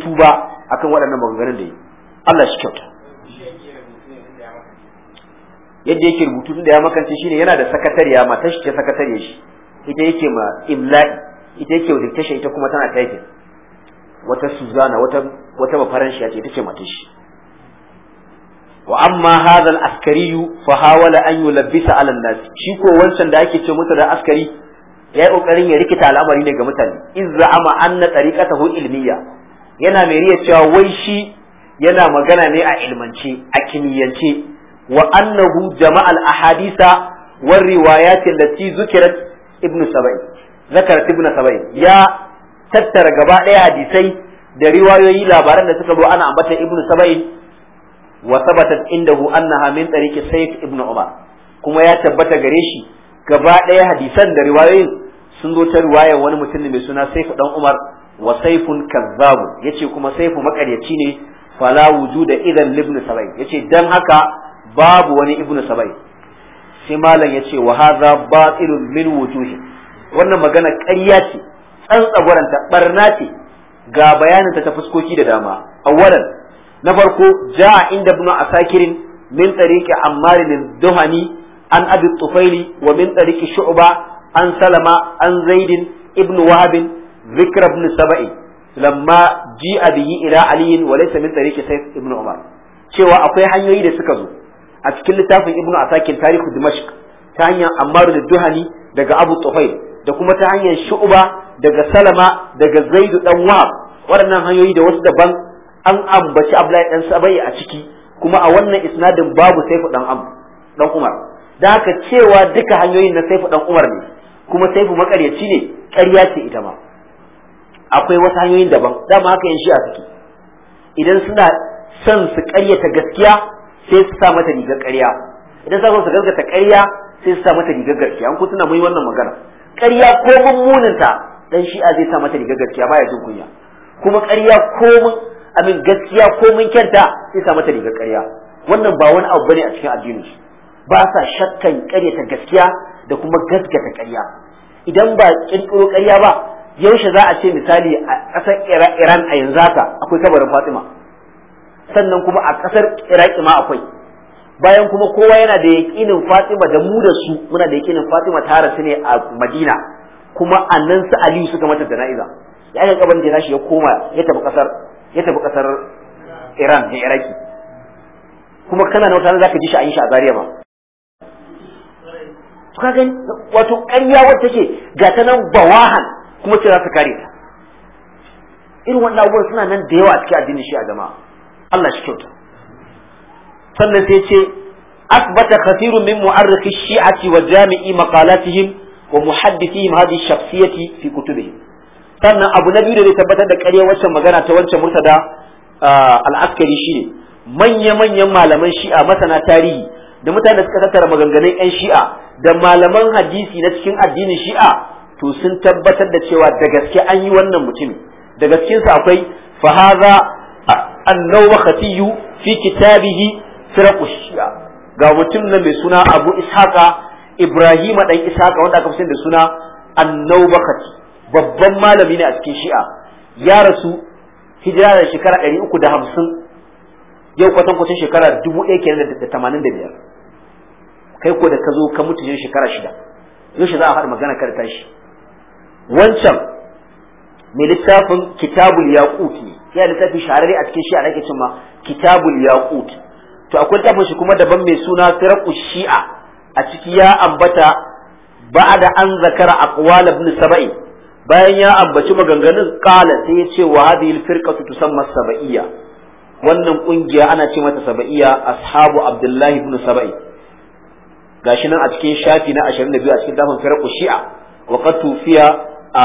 tuba akan waɗannan maganganun da yi Allah shi kyauta yadda yake rubutu da ya makance shine yana da sakatariya ta shi ce sakatariya shi ita yake ma imla'i ita yake dictation ita kuma tana taifin wata suzana wata wata bafaranshiya ce ita ce mata shi wa amma hadha al-askari fa hawala an yulabbisa ala nas shi ko wancan da ake ce masa da askari ya yi kokarin ya rikita al'amari ne ga mutane izza ama anna tariqatahu ilmiya yana mai riya cewa wai shi yana magana ne a ilmance a kimiyyance wa annahu jama'al ahadisa war riwayat allati zukirat ibnu sabai zakarat ibnu sabai ya tattara gaba ɗaya hadisai da riwayoyi labaran da suka zo ana ambata ibnu sabai wa sabatat indahu annaha min tariqi sayyid ibn umar kuma ya tabbata gare shi gaba ɗaya hadisan da riwayoyin sun zo ta riwayar wani mutum mai suna saif dan umar wa saifun kazzabu yace kuma saifu makaryaci ne fala wujuda idan ibn sabai yace dan haka babu wani ibn sabai sai malam yace wa hadha batilun min wujuhi wannan magana ƙarya ce tsantsagwaranta barna ce ga bayanin ta ta fuskoki da dama awwalan na farko ja'a inda ibn asakirin min tariqi ammar bin duhani an abi tufaili wa min tariqi shu'ba an salama an zaid ibn wahab ذكر ابن سبعي لما جيء ila إلى علي وليس من طريق سيف ابن Umar cewa akwai hanyoyi da suka zo a cikin littafin ibnu asakin tarihu dimashq ta hanyar ammaru da duhani daga abu tufayl da kuma ta hanyar shu'ba daga salama daga zaidu dan wahab waɗannan hanyoyi da wasu daban an ambaci Abdullahi dan Sabai a ciki kuma a wannan isnadin babu Saifu dan dan Umar da haka cewa duka hanyoyin na Saifu dan Umar ne kuma Saifu makaryaci ne ƙarya ce ita ma akwai wasu hanyoyin daban dama haka yin shi a ciki idan suna son su ƙaryata gaskiya sai su sa mata rigar ƙarya idan sa su gaskata ƙarya sai su sa mata rigar gaskiya an kuma mun yi wannan magana ƙarya ko mummuninta dan shi'a zai sa mata rigar gaskiya baya jin kunya kuma ƙarya ko amin gaskiya ko mun kyanta sai sa mata rigar ƙarya wannan ba wani abu bane a cikin addini ba sa shakkan ƙaryata gaskiya da kuma gaskata ƙarya idan ba kirkiro ƙarya ba yaushe za a ce misali a ƙasar Iran a yanzu haka akwai kabarin Fatima sannan kuma a ƙasar Iraki ma akwai bayan kuma kowa yana da yaƙinin Fatima da mu da su muna da yaƙinin Fatima ta rasu ne a Madina kuma annan su Aliyu suka mata jana'iza ya ga kabarin da shi ya koma ya tafi ƙasar ya tafi kasar Iran da Iraki kuma kana na wata zaka ji shi a yi shi a Zaria ba to ka gani wato ƙarya wacce take ga ta nan bawahan kuma ce za su kare ta irin wannan abubuwan suna nan da yawa a cikin addinin shi a jama'a Allah shi kyauta sannan sai ce asbata kathirun min mu'arrikh shi'ati wa jami'i maqalatihim wa muhaddithihim hadhihi shakhsiyati fi sannan abu na biyu da zai tabbatar da ƙarya waccan magana ta wancan murtada al'askari ne. manya-manyan malaman shi'a masana tarihi da mutane da suka tattara maganganun 'yan shi'a da malaman hadisi na cikin addinin shi'a to sun tabbatar da cewa da gaske an yi wannan mutumin da sa akwai fahaza annawa khatiyu fi kitabihi firaqu shi'a ga mutum nan mai suna abu ishaqa ibrahima dan ishaqa wanda aka fi da suna khatiyu babban malami ne a cikin shi'a ya rasu hijira da shekara ɗari uku da hamsin yau kwatan kwatan shekara dubu ɗaya kenan da tamanin da biyar kai ko da ka zo ka mutu yau shekara shida yau shi za a haɗa magana kar tashi wancan mai littafin kitabul yaqut ne ya littafi shahararre a cikin shi'a ke cin ma kitabul yaqut to akwai littafin shi kuma daban mai suna firaqu shi'a a ciki ya ambata ba'da an zakara aqwal ibn sab'i bayan ya ambaci maganganun kala sai ya ce wa hadhihi alfirqatu tusamma sab'iyya wannan kungiya ana ce mata sab'iyya ashabu abdullahi ibn sab'i gashi nan a cikin shafi na 22 a cikin dafin firqu shi'a wa qad tufiya a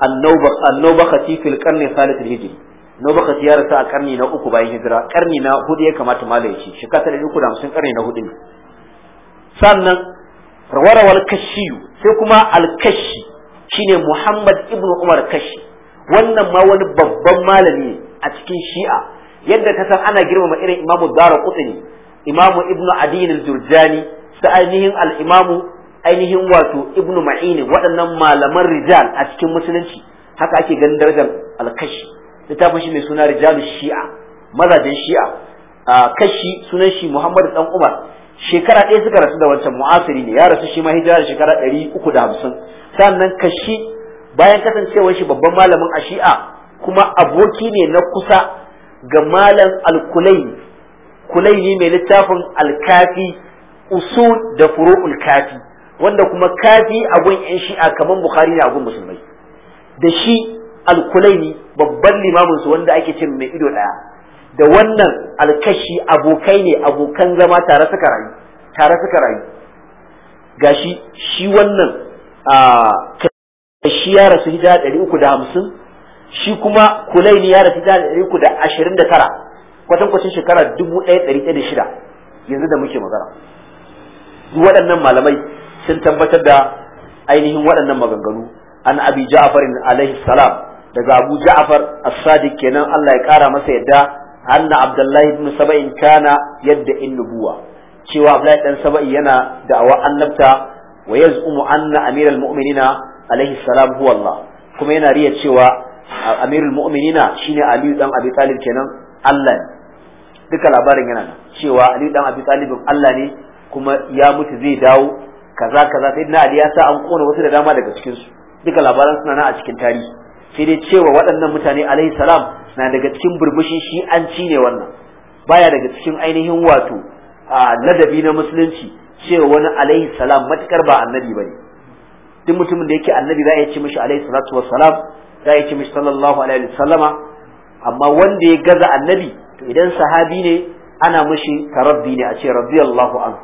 annawbakati fil qarni thalith al-hijri nawbakati ya rasa a karni na uku bayan hijira karni na hudu ya kamata malai shi da uku da hamsin karni na hudu ne sannan rawarawal kashiyu sai kuma al-kashi shine Muhammad ibn Umar Kashi wannan ma wani babban malami a cikin Shi'a yadda ka san ana girmama irin imamu Dara Qutni imamu Ibn Adin al-Jurjani sa ainihin al imamu ainihin wato Ibn Ma'in waɗannan malaman rijal a cikin musulunci haka ake ganin darajar al-Kashi littafin shi mai suna rijalu Shi'a mazajen Shi'a kashi sunan shi Muhammad dan Umar shekara ɗaya suka rasu da wancan mu'asiri ne ya rasu shi ma hijira shekara ɗari uku da hamsin sannan kashi bayan kasancewar shi babban malamin a shi'a kuma aboki ne na kusa ga malam Kulai ne mai littafin alkafi usul da furu'ul kafi wanda kuma kafi a gun yan shi'a kamar bukhari ne a gun musulmai da shi alkulaini babban limamin su wanda ake cin mai ido daya da wannan alkashi abokai ne abokan zama tare suka rayu tare suka rayu gashi shi wannan a shi ya rasu hijira ɗari uku da hamsin shi kuma kulaini ya rasu hijira ɗari uku da ashirin da tara kwatan kwacin shekara dubu ɗaya ɗari ɗaya da shida yanzu da muke magana waɗannan malamai sun tabbatar da ainihin waɗannan maganganu an abi ja'afar alaihi salam daga abu ja'afar as kenan Allah ya kara masa yadda anna abdullahi ibn saba'in kana yadda in nubuwa cewa abdullahi dan saba'i yana da'awa annabta wa yaz'umu anna amiral mu'minina alaihi salam huwa Allah kuma yana riya cewa amirul mu'minina shine Aliyu dan Abi Talib kenan Allah ne duka labarin yana nan cewa Aliyu dan Abi Talib Allah ne kuma ya mutu zai dawo kaza kaza sai na Ali ya sa an kona wasu da dama daga cikin su duka labaran suna nan a cikin tarihi sai dai cewa waɗannan mutane alaihi salam na daga cikin burbushi shi an ne wannan baya daga cikin ainihin wato ladabi na musulunci cewa wani alaihi salam matukar ba annabi bane duk mutumin da yake annabi za a yi ci mishi alaihi salatu wassalam za a yi ci mishi sallallahu alaihi wasallama amma wanda ya gaza annabi to idan sahabi ne ana mishi tarabbi ne a ce radiyallahu anhu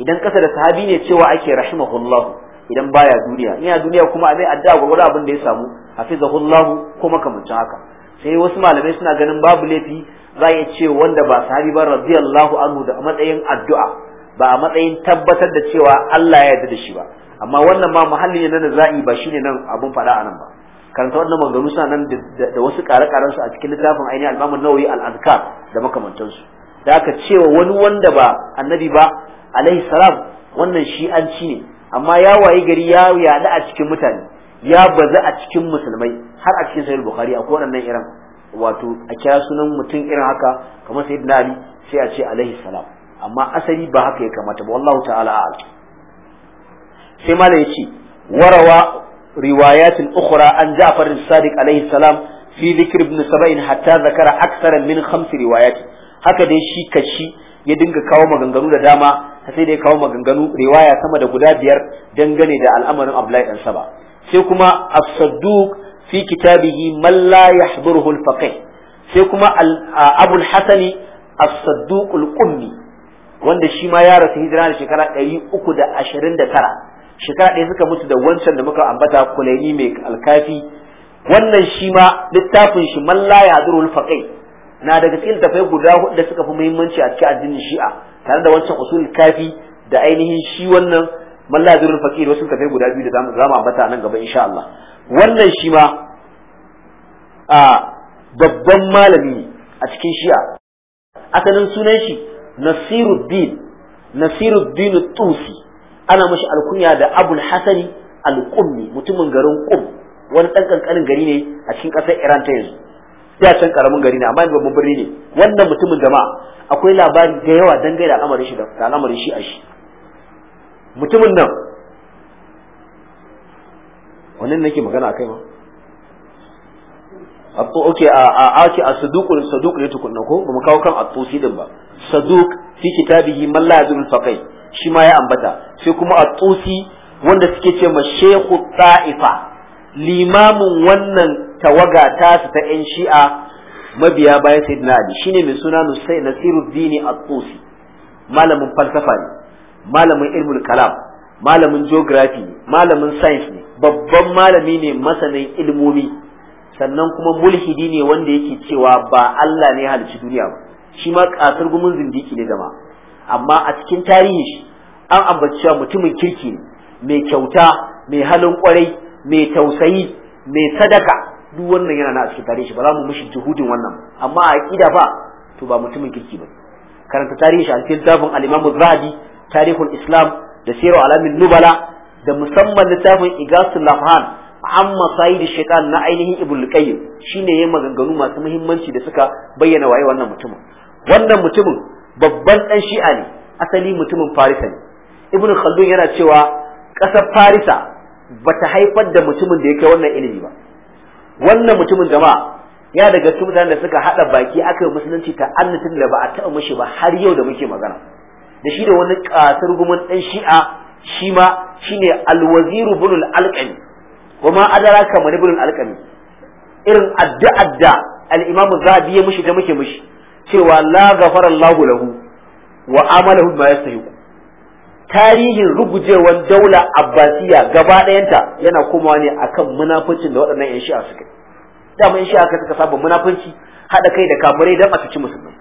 idan kasa da sahabi ne cewa ake rahimahullah idan baya duniya ina duniya kuma a mai addu'a gwagwaro abin da ya samu hafizahullahu kuma makamancin haka sai wasu malamai suna ganin babu laifi za a iya ce wanda ba sahabi ba radiyallahu anhu da matsayin addu'a ba a matsayin tabbatar da cewa Allah ya yarda da shi ba amma wannan ma muhallin ne na za'i ba shine nan abun fada nan ba karanta wannan maganganu suna nan da wasu kare-karen su a cikin littafin ainihin al-Imam Nawawi al da makamantansu da aka cewa wani wanda ba annabi ba alaihi salam wannan shi an ci ne amma ya wayi gari ya yaɗa a cikin mutane ya baza a cikin musulmai har a cikin sahih bukhari akwai waɗannan irin wato a kira sunan mutum irin haka kamar sayyidina ali sai a ce alaihi salam amma asali ba haka ya kamata ba wallahu ta'ala a'lam sai ya yace warawa riwayatin ukhra an ja farin sadiq alayhi salam fi dhikr ibn Saba'in hatta zakara aksaran min khams riwayat haka dai shi kashi ya dinga kawo maganganu da dama sai dai kawo maganganu riwaya sama da guda biyar dangane da al'amarin Abdullahi dan Saba sai kuma as-Sadduq fi kitabihi man la yahdhuruhu al-faqih sai kuma a al-Hasani as-Sadduq al wanda shi ma ya rasu hijira da shekara ɗari uku da ashirin da tara shekara ɗaya suka mutu da wancan da muka ambata kulaini mai alkafi wannan shi ma littafin shi mallaya zuru faƙai na daga cikin tafai guda hudu da suka fi muhimmanci a cikin addinin shi'a tare da wancan usul kafi da ainihin shi wannan mallazirul da wasu tafai guda biyu da za mu ambata nan gaba insha Allah wannan shi ma a babban malami a cikin shi'a asalin sunan shi nasiruddin nasiruddin tusi ana mashi alkunya da abul hasani alƙummi mutumin garin ƙum wani ɗan ƙanƙanin gari ne a cikin ƙasar iran ta yanzu da can ƙaramin gari ne amma yanzu babban birni ne wannan mutumin jama'a akwai labari da yawa dangane da al'amarin shi da al'amarin shi a shi mutumin nan wannan nake magana a kai ma atto oke a a ake a saduqul saduq ne tukunna ko ba mu kawo kan a attosi din ba saduq fi kitabihi man la yadul faqih shi ma ya ambata sai kuma at wanda suke ce ma shaykhu ta'ifa limamin wannan tawaga ta su ta yan shi'a mabiya bayan sayyidina ali shine mai suna nusai nasiruddin at-tusi malamin falsafa ne malamin ilmul kalam malamin geography ne malamin science ne babban malami ne masanin ilmomi sannan kuma mulhidi ne wanda yake cewa ba Allah ne halicci duniya ba shi ma kasar gumin zindiki ne dama amma a cikin tarihi shi an ambaci cewa mutumin kirki ne mai kyauta mai halin kwarai mai tausayi mai sadaka duk wannan yana na a cikin tarihi shi ba za mu mishi juhudin wannan amma a aqida fa to ba mutumin kirki ba karanta tarihi shi a cikin tafin al-Imam Zahabi Tarihul Islam da Sirru Alamin Nubala da musamman littafin Igasul Lafhan amma sayyid shaitan na ainihin ibul qayyim shine yayin maganganu masu muhimmanci da suka bayyana waye wannan mutumin wannan mutumin babban ɗan shi'a ne asali mutumin farisa ne ibnu khaldun yana cewa ƙasar farisa bata haifar da mutumin da yake wannan ilimi ba wannan mutumin jama'a ya daga cikin mutanen da suka hada baki aka yi musulunci ta annatin da ba a taɓa mishi ba har yau da muke magana da shi da wani ƙasar gumin ɗan shi'a shi ma shine alwaziru bunul alƙami kuma adara kamar bunul alƙami irin addu'ar da al-imamu zabi ya mushi da muke mushi cewa la gafara Allahu lahu wa amalahu ma yastahiqu tarihin rugujewan daula abbasiya gaba ɗayanta yana komawa ne akan munafincin da waɗannan yan shi'a suka dama yan shi'a suka saba munafunci haɗa kai da kafirai don a ci musulmai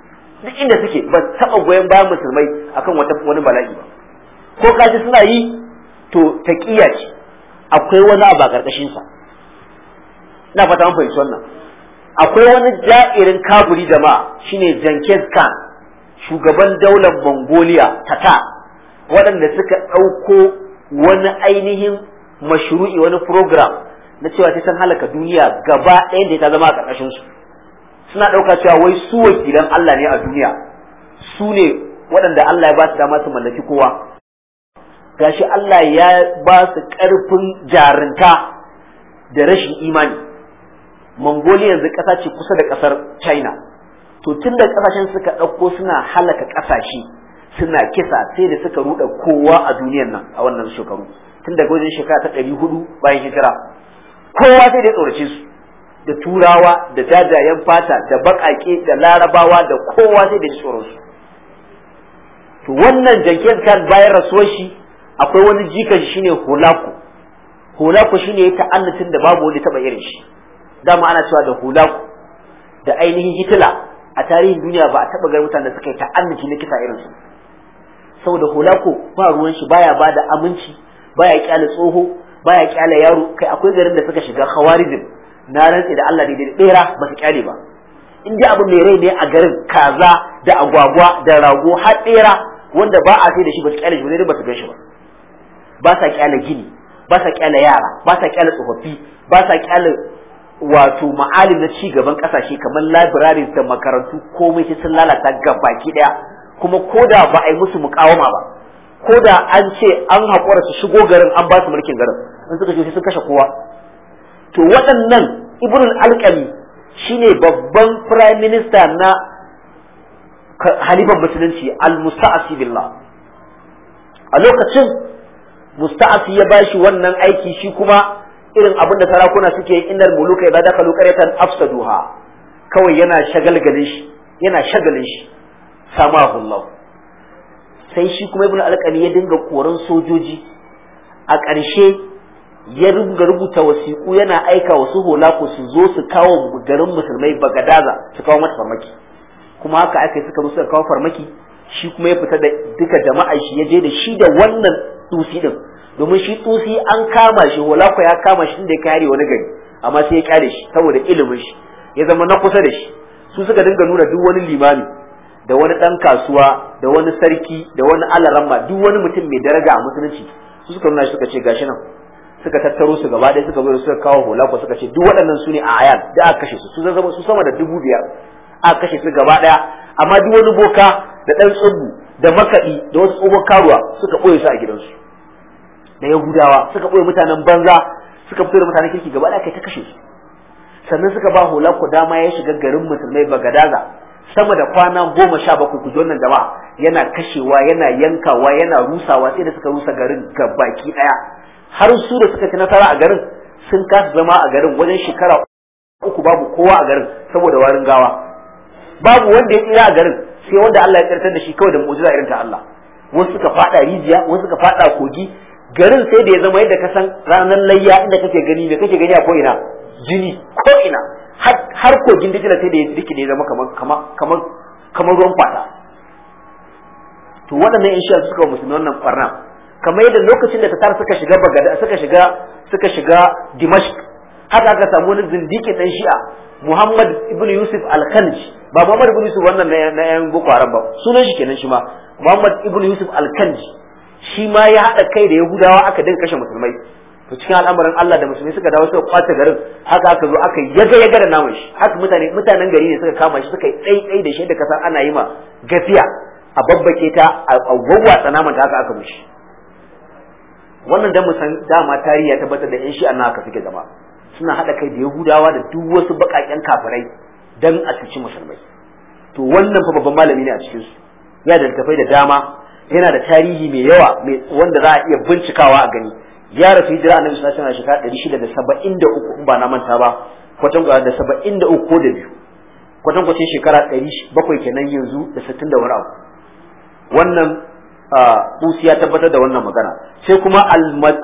duk inda suke ba taɓa goyon bayan musulmai akan wata wani bala'i ba ko kaji suna yi to taqiya ce akwai wani abu a ƙarƙashin sa ina fata an fahimci wannan akwai wani ja'irin kaburi da ma shine Genghis Khan shugaban daular Mongolia tata waɗanda suka ɗauko wani ainihin mashru'i wani program na cewa sai san halaka duniya gaba ɗaya da ta zama a ƙarƙashin su suna ɗauka cewa wai su wakilan Allah ne a duniya su ne waɗanda Allah ya ba su dama su mallaki kowa gashi Allah ya ba su ƙarfin jarinta da rashin imani mongolia yanzu ƙasa ce kusa da ƙasar china to tun da ƙasashen suka ɗauko suna halaka ƙasashe suna kisa sai da suka ruɗa kowa a duniyar nan a wannan shekaru tun daga wajen shekara ta ɗari hudu bayan hijira kowa sai da tsorace su da turawa da jajayen fata da baƙaƙe da larabawa da kowa sai da tsoronsu to wannan jankin kan bayan rasuwar shi akwai wani jikan shine hulaku hulaku shine ya ta'allatin da babu wani taba irin shi dama ana cewa da hula da ainihin hitila a tarihin duniya ba a taba ga mutanen da suka yi ta'annuci na kisa irin su saboda hula ko ba ruwan shi baya da aminci baya kyale tsoho baya kyale yaro kai akwai garin da suka shiga khawarizm na rantsi da Allah daidai bera ba su kyale ba in dai abu mai rai ne a garin kaza da agwagwa da rago har bera wanda ba a sai da shi ba su kyale shi ba ba su gan shi ba ba sa kyale gini ba sa kyale yara ba sa kyale tsofaffi ba sa kyale wato ma'alim na ci gaban kasashe kamar labirarin da makarantu komai shi sun lalata gabaki daya kuma da ba a yi musu mukawama ba Ko da an ce an haƙura su shigo garin an ba su mulkin garin an suka je sun kashe kowa to waɗannan ibn alƙali shine babban prime minister na halifan musulunci al-musta'asi billah a lokacin musta'asi ya bashi wannan aiki shi kuma irin abin da sarakuna suke yi innal muluka idza dakalu qaryatan afsaduha kawai yana shagalgalin shi yana shagalin shi samahu Allah sai shi kuma ibn alqani ya dinga koran sojoji a ƙarshe ya rubuta rubuta wasiku yana aika wasu su holako su zo su kawo garin musulmai bagadaza su kawo mata farmaki kuma haka aka suka zo kawo farmaki shi kuma ya fita da duka jama'a shi ya je da shi da wannan tusi din domin shi tusi an kama shi walako ya kama shi inda ya kare wani gari amma sai ya kyale shi saboda ilimin shi ya zama na kusa da shi su suka dinga nuna duk wani limami da wani dan kasuwa da wani sarki da wani alaramma duk wani mutum mai daraja a musulunci su suka nuna shi suka ce gashi nan suka tattaro su gaba ɗaya suka zo suka kawo holako suka ce duk waɗannan su ne a ayan da aka kashe su su zama su sama da dubu biyar aka kashe su gaba ɗaya amma duk wani boka da ɗan tsubu da makaɗi da wasu tsohon karuwa suka ɓoye su a gidansu da yahudawa suka ɓoye mutanen banza suka fito da mutanen kirki gaba da kai ta kashe su sannan suka ba hula ku dama ya shiga garin musulmai bagadaza sama da kwana goma sha bakwai ku wannan jama'a yana kashewa yana yankawa yana rusawa sai da suka rusa garin gabaki daya har su da suka ci nasara a garin sun kasa zama a garin wajen shekara uku babu kowa a garin saboda warin gawa babu wanda ya tsira a garin sai wanda Allah ya kirtar da shi kawai da mu'jiza irin ta Allah wasu suka fada rijiya wasu suka fada kogi garin sai da ya zama yadda ka san ranar layya inda kake gani me kake gani a ko ina jini ko ina har kogin dijila sai da ya diki da ya zama kamar kamar kamar ruwan fata to waɗannan in sha suka musulmi wannan farna kamar yadda lokacin da tatar suka shiga bagada suka shiga suka shiga dimashq haka aka samu wani zindiki dan shi'a muhammad ibn yusuf al-kanji ba muhammad ibnu yusuf wannan na yan boko haram ba sunan shi kenan shi ma muhammad ibn yusuf al-kanji shi ma ya haɗa kai da yahudawa aka dinga kashe musulmai to cikin al'amarin Allah da musulmi suka dawo suka kwace garin haka aka zo aka yaga yaga da namun shi haka mutane mutanen gari ne suka kama shi suka yi ɗaiɗai da shi da kasa ana yi ma gafiya a babbake ta a wawwatsa naman ta haka aka mushi wannan dan musan dama tarihi ya tabbatar da yan shi annaba ka suke zama suna haɗa kai da yahudawa da duk wasu baƙaƙen kafirai dan a cuci musulmai to wannan fa babban malami ne a cikin su ya da da dama yana da tarihi mai yawa wanda za a iya bincikawa a gani ya rasu hijira annabi sallallahu alaihi wasallam shekara 673 in ba na manta ba kwatan da 73 ko da biyu kwatan kwatan shekara 700 kenan yanzu da 60 da wani abu wannan Tusi ya tabbatar da wannan magana sai kuma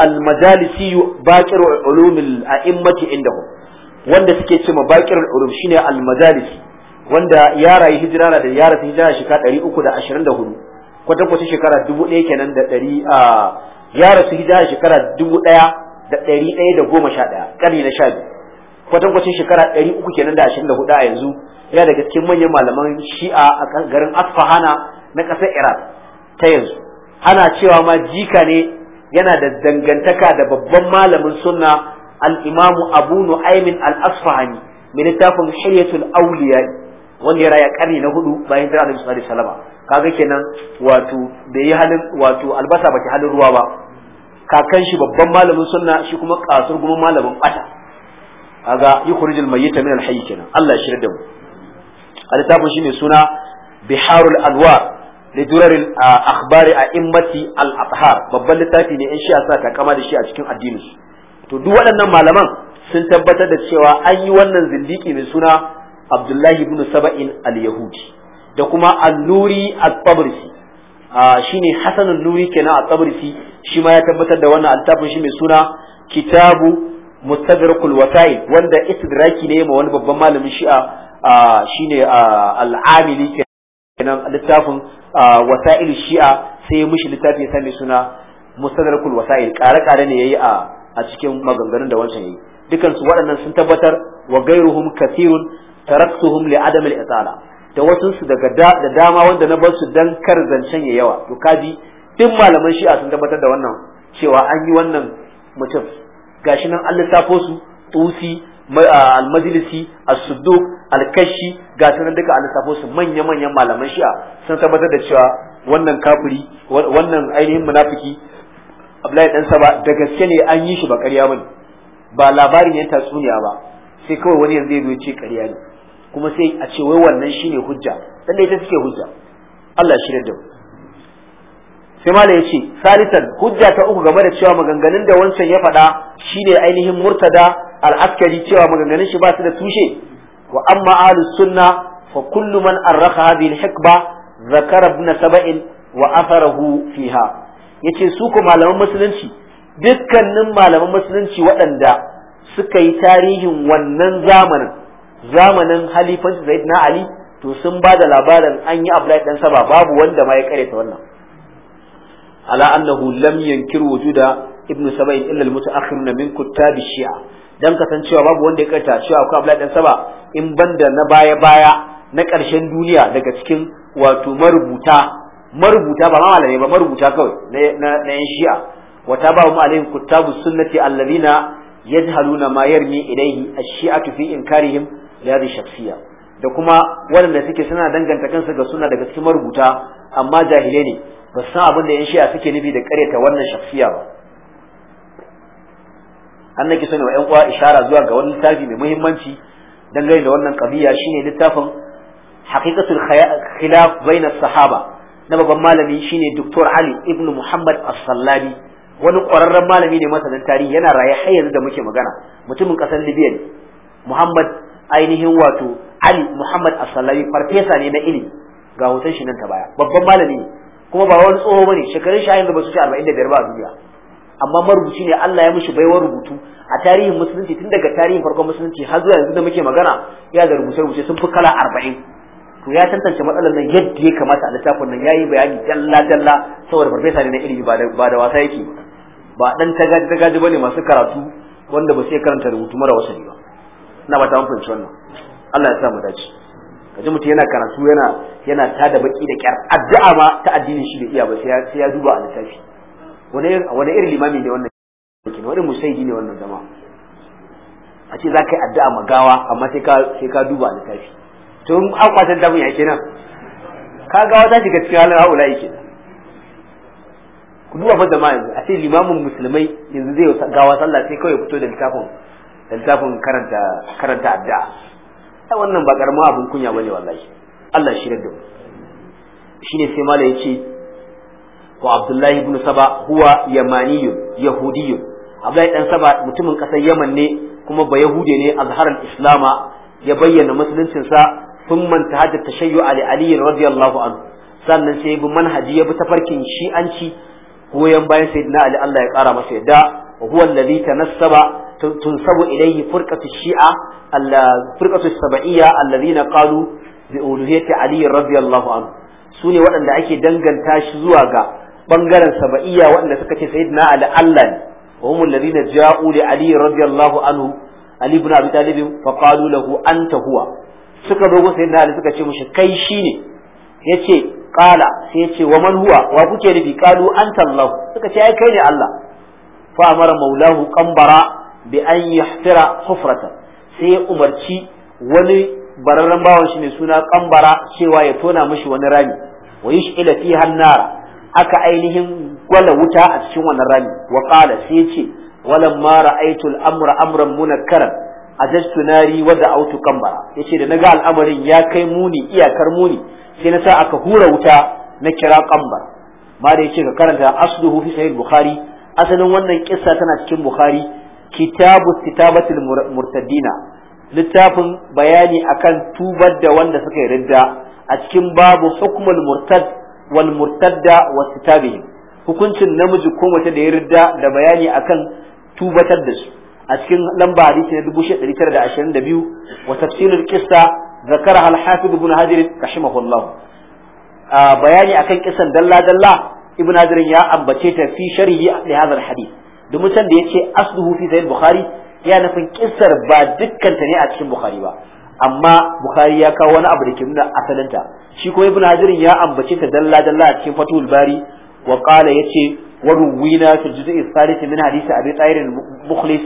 al-majalisi baqir ulum al-a'immati indahum wanda suke cewa baqir ulum shine al-majalisi wanda ya rayu hijira da ya rasu hijira shekara 324 kwatankwacin shekara dubu ɗaya kenan da ɗari a ya rasu hijira shekara dubu ɗaya da ɗari ɗaya da goma sha ɗaya ƙarni na sha biyu kwatankwacin shekara ɗari uku kenan da ashirin da hudu a yanzu ya da cikin manyan malaman shi'a a garin asfahana na ƙasar iran ta yanzu ana cewa ma jika ne yana da dangantaka da babban malamin sunna al-imamu abu nu'aymin al-asfahani mai littafin hilyatul awliya wanda ya raya ƙarni na hudu bayan jira da musulman salama kaga kenan wato bai yi halin wato albasa baki halin ruwa ba kakan shi babban malamin sunna shi kuma kasar gumin malamin bata kaga yukhrijul mayyita min alhayy kenan Allah ya shirya da mu littafin shine suna biharul anwar li akbari akhbari immati al-athhar babban littafi ne in shi sa ka kama da shi a cikin addinin to duk waɗannan malaman sun tabbatar da cewa an yi wannan zindiki mai suna Abdullahi ibn Saba'in al-Yahudi da kuma annuri at-tabrisi ah, shine hasan an-nuri kenan at-tabrisi shi ma ya tabbatar da wannan altafin shi mai suna kitabu mustadrakul wasail wanda istidraki ne ma wani babban malamin shi'a ah, shine ah, al kenan littafin wasail shi'a sai ya mishi littafi ya sami suna mustadrakul wasail kare-kare ne yayi a a cikin maganganun da wancan yayi dukansu waɗannan sun tabbatar wa gairuhum kathirun taraktuhum li adam al da wasunsu daga da dama wanda na bar su dan kar zancen ya yawa to kaji duk malaman shi'a sun tabbatar da wannan cewa an yi wannan mutum gashi nan an lissafo su tusi almajlisi as-sudduq al-kashi ga nan duka an lissafo su manya-manyan malaman shi'a sun tabbatar da cewa wannan kafiri wannan ainihin munafiki Abdullahi dan Saba da gaske ne an yi shi ba ƙarya bane ba labarin yan tatsuniya ba sai kawai wani yanzu ya zo ce ƙarya ne kuma sai a ce wai wannan ne hujja dan ita suke hujja Allah shi da sai malai yace salisan hujja ta uku game da cewa maganganun da wancan ya faɗa shine ainihin murtada al cewa maganganun shi ba su da tushe wa amma ahlus sunna fa kullu man arraha hadhihi al-hikba zakara ibn sab'in wa atharahu fiha yace su ko malaman musulunci dukkanin malaman musulunci waɗanda suka yi tarihin wannan zamanin zamanin halifanci zaid na ali to sun ba da labarin an yi abu dan saba babu wanda ma ya kare ta wannan ala annahu lam yankir wujuda ibnu saba'in illa al-mutaakhirun min kuttab shia dan kasancewa babu wanda ya karta cewa akwai abu dan saba in banda na baya baya na ƙarshen duniya daga cikin wato marubuta marubuta ba malamai ba marubuta kawai na yan shi'a wata ba mu alaihi kuttabu sunnati alladhina yajhaluna ma yarmi ilayhi ash-shi'atu fi inkarihim riyadi shakhsiya da kuma waɗanda suke suna danganta kansu ga suna daga cikin marubuta amma jahilai ne ba su san abin da yan shi'a suke nufi da karyata wannan shakhsiya ba an nake sani wa yan uwa ishara zuwa ga wani littafi mai muhimmanci dangane da wannan qadiya shine littafin haqiqatul khilaf baina sahaba na babban malami shine Dr. Ali ibn Muhammad As-Sallabi wani ƙwararren malami ne masanin tarihi yana raye har yanzu da muke magana mutumin ƙasar Libya ne Muhammad ainihin wato Ali Muhammad Asalawi farfesa ne na ilimi ga hoton shi nan ta baya babban malami ne kuma ba wani tsoho bane shekarun shi yanzu ba su ci 45 ba a duniya amma marubuci ne Allah ya mishi baiwar rubutu a tarihin musulunci tun daga tarihin farkon musulunci har zuwa yanzu da muke magana ya da rubuce rubuce sun fi kala 40 to ya tantance matsalar nan yadda ya kamata a littafin nan yayi bayani dalla dalla saboda farfesa ne na ilimi ba da ba da wasa yake ba dan tagaji tagaji bane masu karatu wanda ba sai karanta rubutu mara wasani ba na ba ta mun fahimci wannan Allah ya sa mu dace kaji mutum yana karatu yana yana tada baki da kyar addu'a ma ta addinin shi bai iya ba sai ya duba a littafi wani wani irin limami ne wannan kin wani musaidi ne wannan zama a ce za ka yi addu'a gawa amma sai ka sai ka duba a littafi to in an kwatan damu ya kenan ka gawa ta shiga cikin halin haula yake ku duba fa jama'a yanzu a ce limamin musulmai yanzu zai gawa sallah sai kawai fito da littafin littafin karanta karanta addu'a ai wannan ba karamin abin kunya bane wallahi Allah shi da mu shine sai mala yace wa Abdullahi ibn Saba huwa yamaniyun yahudi Abdullahi dan Saba mutumin kasar Yaman ne kuma ba yahude ne al islama ya bayyana musuluncin sa sun manta hajjar tashayyu ali ali radiyallahu anhu sannan sai bi manhaji ya bi tafarkin shi'anci goyon bayan sayyidina ali Allah ya kara masa yadda huwa allazi tanassaba تنسب إليه فرقة الشيعة فرقة السبعية الذين قالوا بأولوهية علي رضي الله عنه سوني وأن دعيك دنجن تاش زواغا بنجرا سبعية وأن سكت سيدنا على ألن وهم الذين جاءوا لعلي رضي الله عنه علي بن أبي طالب فقالوا له أنت هو سكبوا سيدنا علي سكت مش كيشيني يتي قال سيتي ومن هو وابوكي نبي قالوا أنت الله سكت أي كيني الله فأمر مولاه قنبرا bi an yahtira hufrata sai ya umarci wani bararren bawan shi ne suna kambara cewa ya tona mashi wani rami wa yush'ila fiha an-nar aka ainihin gwala wuta a cikin wannan rami wa qala sai ya ce walamma ra'aytu al-amra amran munakkaran ajajtu nari wa da'awtu kambara yace da naga al'amarin ya kai muni iyakar muni sai na sa aka hura wuta na kira kambara ma da yace ka karanta asluhu fi sahih bukhari asalin wannan kissa tana cikin bukhari kitabu kitabatul murtadina littafin bayani akan tubar da wanda suka yi ridda a cikin babu hukmul murtad wal murtadda wa kitabihi hukuncin namiji ko mace da ya ridda da bayani akan tubatar da su a cikin lamba hadisi na 1922 wa tafsirul qissa zakaraha al-hafiz ibn hajar rahimahullah bayani akan kisan dalla dalla ibn hajar ya ambace ta fi sharhi li hadha al-hadith domin can da yace asluhu fi sahih bukhari ya nufin kissar ba dukkan ta ne a cikin bukhari ba amma bukhari ya kawo wani abu da ke nuna asalinta shi kuma ibnu hajirin ya ambace ta dalla dalla a cikin fatul bari wa qala yace wa ruwina fi juz'i thalith min hadisi abi tsarin al-mukhlis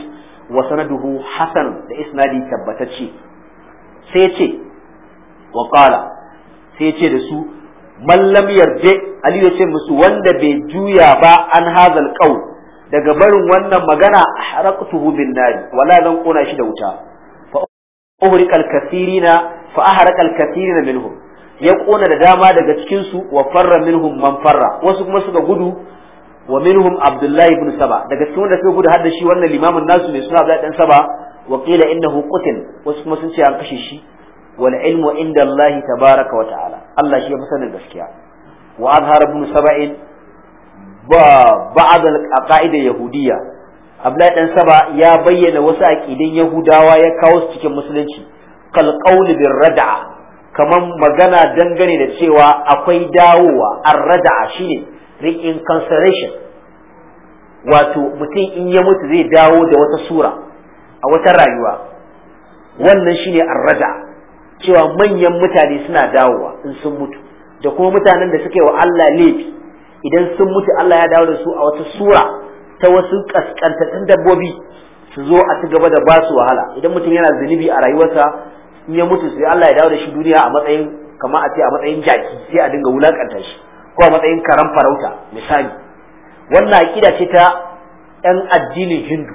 wa sanaduhu hasan da isnadi tabbatacce sai yace wa qala sai yace da su mallam yarje ali yace musu wanda bai juya ba an hazal qawl daga barin wannan magana haraqtuhu bin nar wala zan kona shi da wuta fa uhriqa al-kathirina fa ahraqa al-kathirina minhum ya kona da dama daga cikin su wa farra minhum man farra wasu kuma suka gudu wa minhum abdullahi ibn saba daga cikin wanda suka gudu har da shi wannan limamin nasu ne suna abdullahi dan saba wa qila innahu qutil wasu kuma sun ce an kashe shi wal ilmu inda Allah tabaraka wa ta'ala Allah shi ya fi sanin gaskiya wa azhar ibn saba'in ba'd al-aqaid yahudiyya Abdullahi dan Saba ya bayyana wasu aqidan Yahudawa ya kawo su cikin musulunci kal qawl bir rad'a kaman magana dangane da cewa akwai dawowa ar-rad'a shine reincarceration wato mutum in ya mutu zai dawo da wata sura a wata rayuwa wannan shine ar-rad'a cewa manyan mutane suna dawowa in sun mutu da kuma mutanen da suka yi wa Allah laifi idan sun mutu Allah ya dawo da su a wata sura ta wasu kaskantattun dabbobi su zo a ci gaba da ba su wahala idan mutum yana zunubi a rayuwarsa in ya mutu sai Allah ya dawo da shi duniya a matsayin kamar a ce a matsayin jaki sai a dinga wulakanta shi ko a matsayin karan farauta misali wannan aqida ce ta yan addinin Hindu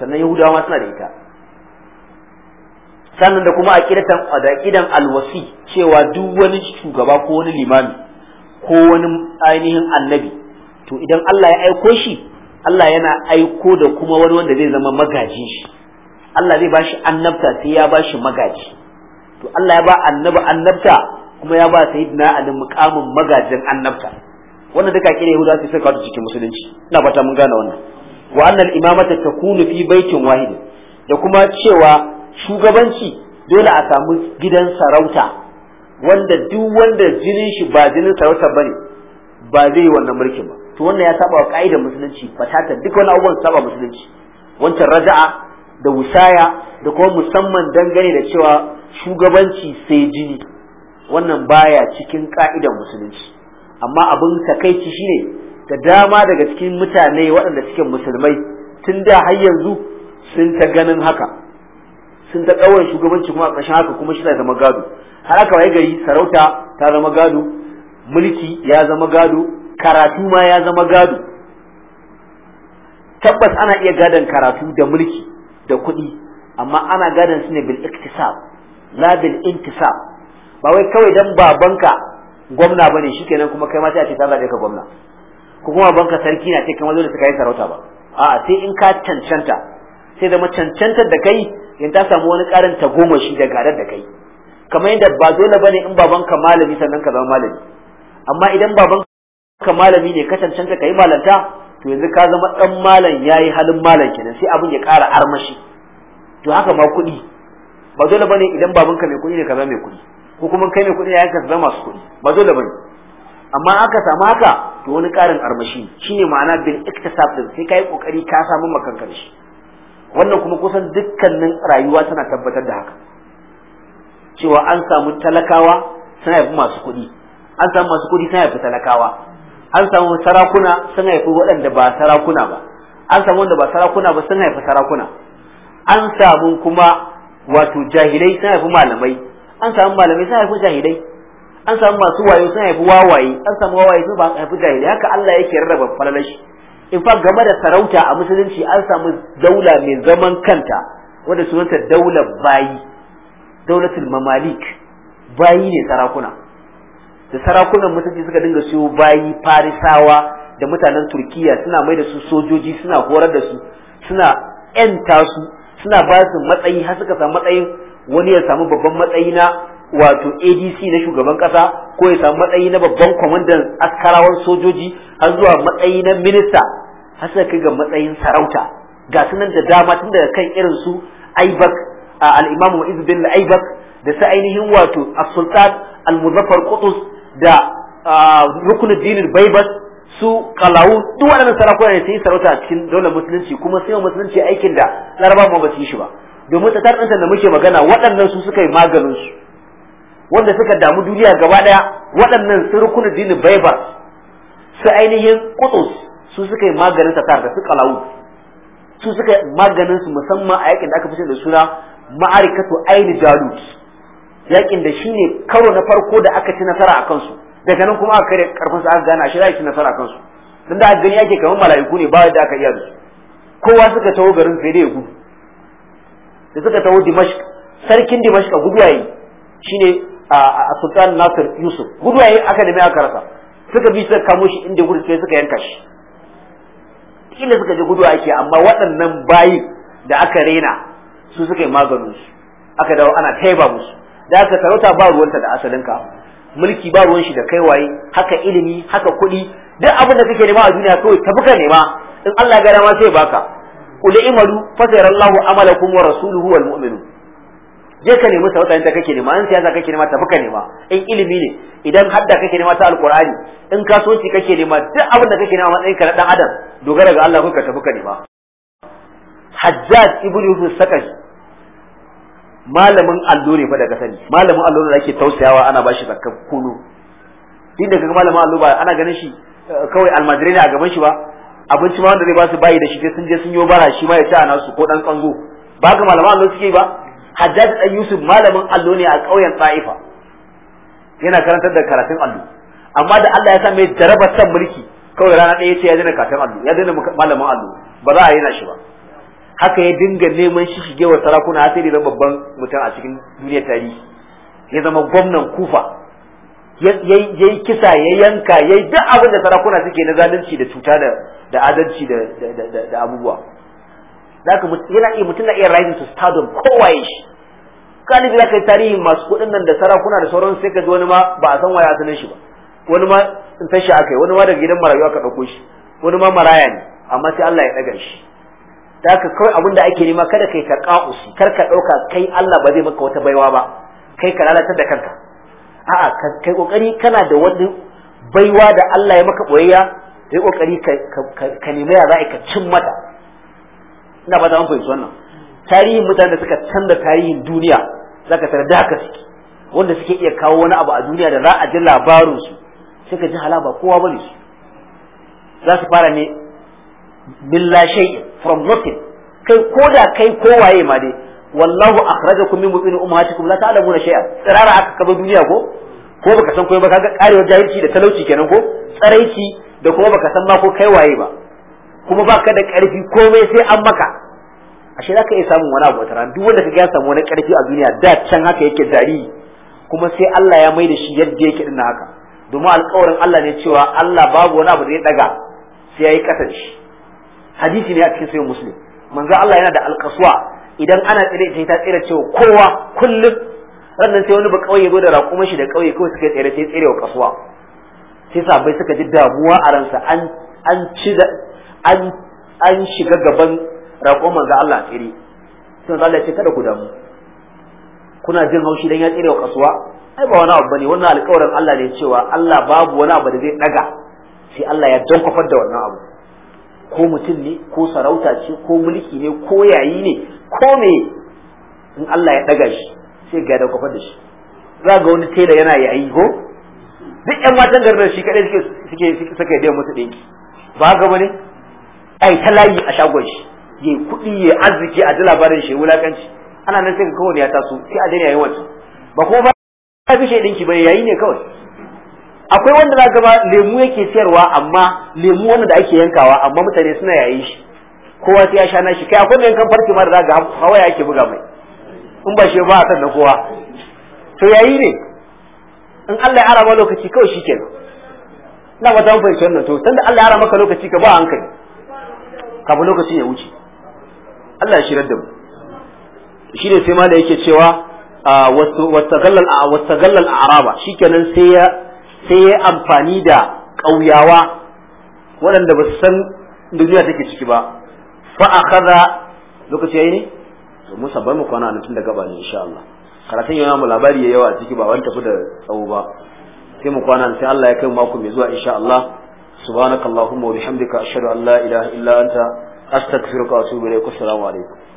sannan Yahudawa ma suna da ita sannan da kuma aqidatan da alwasi cewa duk wani shugaba ko wani limami ko wani ainihin annabi to idan Allah ya aiko shi Allah yana aiko da kuma wani wanda zai zama magaji shi Allah zai bashi annabta sai ya bashi magaji to Allah ya ba annabi annabta kuma ya ba sayyidina Ali mukamin magajin annabta wannan duka kire Yahuda sai suka kawo cikin musulunci ina fata mun gane wannan wa annal imamata takunu fi baitin wahid da kuma cewa shugabanci dole a samu gidan sarauta wanda duk wanda jinin shi ba jinin sarauta ne, ba zai yi wannan mulkin ba to wannan ya saba wa ka'idar musulunci fatata duk wani abubuwan saba musulunci wancan raja'a da wusaya da kuma musamman dangane da cewa shugabanci sai jini wannan baya cikin ka'idar musulunci amma abin takaici shine da dama daga cikin mutane waɗanda suke musulmai tun da har yanzu sun ta ganin haka sun ta ɗaura shugabanci kuma a ƙarshen haka kuma shi zama gado har aka gari sarauta ta zama gado mulki ya zama gado karatu ma ya zama gado tabbas ana iya gadon karatu da mulki da kuɗi amma ana gadon su ne bil iktisab la bil intisab ba wai kawai dan babanka gwamna bane shikenan kuma kai ma sai a ce ta zabe ka gwamna ko kuma banka sarki na ce kamar dole sai kai sarauta ba a sai in ka cancanta sai zama cancantar da kai in ta samu wani karin tagomashi da gadar da kai kamar yadda ba dole bane in babanka malami sannan ka zama malami amma idan babanka malami ne ka cancanta kai malanta to yanzu ka zama dan malam yayi halin malam kenan sai abin ya ƙara armashi to haka ma kuɗi ba dole bane idan babanka mai kuɗi ne ka zama mai kuɗi ko kuma kai mai kuɗi ya ka zama masu kuɗi ba dole bane amma aka samu haka to wani ƙarin armashi shine ma'ana bil iktisab din sai kai kokari ka samu makankan shi wannan kuma kusan dukkanin rayuwa tana tabbatar da haka cewa an samu talakawa sun haifi masu kuɗi an samu masu kuɗi sun haifi talakawa an samu sarakuna sun haifi waɗanda ba sarakuna ba an samu wanda ba sarakuna ba sun haifi sarakuna an samu kuma wato jahilai sun haifi malamai an samu malamai sun haifi jahilai an samu masu wayo sun haifi wawaye an samu wawaye sun haifi jahilai haka Allah yake rarraba falalashi in fa game da sarauta a musulunci an samu daula mai zaman kanta wanda sunanta daular bayi daulatul mamalik bayi ne sarakuna da sarakunan mutunci suka dinga siyo bayi farisawa da mutanen turkiya suna mai da su sojoji suna horar da su suna yanta su suna ba su matsayi har suka samu matsayin wani ya samu babban matsayi na wato adc na shugaban kasa ko ya samu matsayi na babban kwamandan askarawan sojoji har zuwa matsayi na minista har suka ga matsayin sarauta ga sunan da dama tun daga kan irin su aibak al-Imam Mu'iz bin Aibak da sa ainihin wato as-Sultan al-Muzaffar Qutus da rukunin al Baibas su kalawu duk waɗannan sarakuna ne sai sarauta a cikin daular musulunci kuma sai musulunci aikin da Larabawa ba su yi shi ba domin ta tarɗanta da muke magana waɗannan su suka yi maganin su wanda suka damu duniya gaba ɗaya waɗannan surukun dinin baibar su ainihin kutus su suka yi maganin tatar da su kalawu su suka yi maganin su musamman a yakin da aka fice da suna ma'arikatu aini jalut yakin da shine karo na farko da aka ci nasara a kansu daga nan kuma aka kare karfin su aka gane shi zai ci nasara a kansu dan da gani yake kamar mala'iku ne ba da aka iya da su kowa suka taho garin sai da ya gudu da suka taho dimashq sarkin dimashq gudu yayi shine a sultan nasir yusuf gudu yayi aka nemi aka rasa suka bi suka kamo shi inda gudu sai suka yanka shi kila suka ji gudu ake amma waɗannan bayi da aka rena su suka yi maganin su aka dawo ana taiba musu da aka sarauta ba ruwanta da asalinka mulki ba ruwan shi da kai waye haka ilimi haka kuɗi duk abin da kake nema a duniya kawai tafi ka nema in Allah ya gara ma sai baka qul imalu fa sayarallahu amalakum wa rasuluhu wal mu'minun je ka nemi sautan ta kake nema in siyasa kake nema tafi ka nema in ilimi ne idan hadda kake nema ta alqur'ani in kasuwanci kake nema duk abin da kake nema matsayin ka na dan adam dogara ga Allah kuka tafi ka nema hajjaj ibn yusuf sakashi malamin allo ne fa daga sani malamin allo da ake tausayawa ana bashi zakkan kunu inda kaga malamin allo ba ana ganin shi eh, kawai almajirai ne a gaban shi ba abinci ma wanda zai ba su bayi da shi sai sun je sun yo bara shi ma ya ci a su ko dan tsango ba ga malaman allo suke ba hajjaj ibn yusuf malamin allo ne a ƙauyen ta'ifa yana karantar da karatun allo amma da Allah ya sa mai jarabar san mulki kawai rana ɗaya ce ya daina karatun allo ya daina malamin allo ba za a yi na shi ba haka ya dinga neman shi shige wa sarakuna sai da babban mutum a cikin duniyar tarihi ya zama gwamnan kufa ya yi kisa ya yanka ya yi duk abin da sarakuna suke na zalunci da cuta da adalci da abubuwa yana iya mutum na iya rising to stardom kowaye shi galibi zaka yi tarihi masu kuɗin nan da sarakuna da sauran sai ka wani ma ba a san waya sunan shi ba wani ma in tashi aka yi wani ma daga gidan marayu aka ɗauko shi wani ma maraya ne amma sai Allah ya ɗaga shi da haka kawai abin da ake nema kada kai taka'usi kar ka ɗauka kai Allah ba zai maka wata baiwa ba kai ka lalatar da kanka a'a kai kokari kana da wani baiwa da Allah ya maka boyayya kai kokari ka nemi ya za'i ka cin mata ina ba ta mun fahimci wannan tarihin mutanen da suka canza tarihin duniya zaka tare da haka suke wanda suke iya kawo wani abu a duniya da za a ji labarin su suka ji hala ba kowa bane su za su fara ne billa shay from nothing kai koda kai ko waye ma dai wallahu akhrajakum min butun ummahatikum la ta'lamuna shay'a tsirara aka kaba duniya ko ko baka san koyi ba kaga karewar jahilci da talauci kenan ko tsaraici da kuma baka san ma ko kai waye ba kuma baka da karfi komai sai an maka ashe zaka iya samun wani abu wata ran duk wanda kaga ya samu wani karfi a duniya da can haka yake dari kuma sai Allah ya mai da shi yadda yake na haka domin alƙawarin Allah ne cewa Allah babu wani abu da ya daga sai yayi kasa shi hadisi ne a cikin sayin muslim manzo Allah yana da alkasuwa idan ana tsire sai ta tsire cewa kowa kullum wannan sai wani ba kauye go da raƙumin shi da kauye kawai suka tsire sai tsere wa kasuwa sai sabai suka ji damuwa a ransa an an ci da an an shiga gaban raƙumin manzo Allah tsire sai Allah ya ce kada ku damu kuna jin haushi dan ya tsere wa kasuwa ai ba wani abu bane wannan alƙawarin Allah ne cewa Allah babu wani abu da zai daga sai Allah ya dankofar da wannan abu ko mutum ne ko sarauta ce ko mulki ne ko yayi ne ko me in Allah ya daga shi sai ga kofa da shi za ga wani tela yana yayi ko duk yan matan garin shi kadai suke suke suke da musu dinki ba ga bane ai talayi a shagon shi yayi kudi yayi arziki a ji labarin shi wulakanci ana nan sai ka ne ya taso sai a daina yayi wata ba ko ba fi shi dinki ba yayi ne kawai akwai wanda na gaba lemu yake siyarwa amma lemu wanda da ake yankawa amma mutane suna yayin shi kowa sai ya sha na shi kai akwai yankan farki ma da za ga hawa yake buga mai in ba shi ba a san na kowa to yayi ne in Allah ya ara ma lokaci kawai shikenan ina ba ta mun fahimci wannan to tunda Allah ya ara maka lokaci ka ba hankali kafin lokaci ya wuce Allah ya shirar da mu shi ne sai ma da yake cewa ah, wasu tagallal ah, a araba shikenan sai ya sai ya amfani da ƙauyawa waɗanda ba su san duniya take ciki ba fa akhadha lokaci yi ne to mu sabar mu kwana nan tun da gaba ne insha Allah karatun yau mu labari yayi yawa ciki ba wani tafi da tsawo ba sai mu kwana sai Allah ya kai mako mai zuwa insha Allah subhanakallahumma wa bihamdika ashhadu an la ilaha illa anta astaghfiruka wa atubu ilaik assalamu alaikum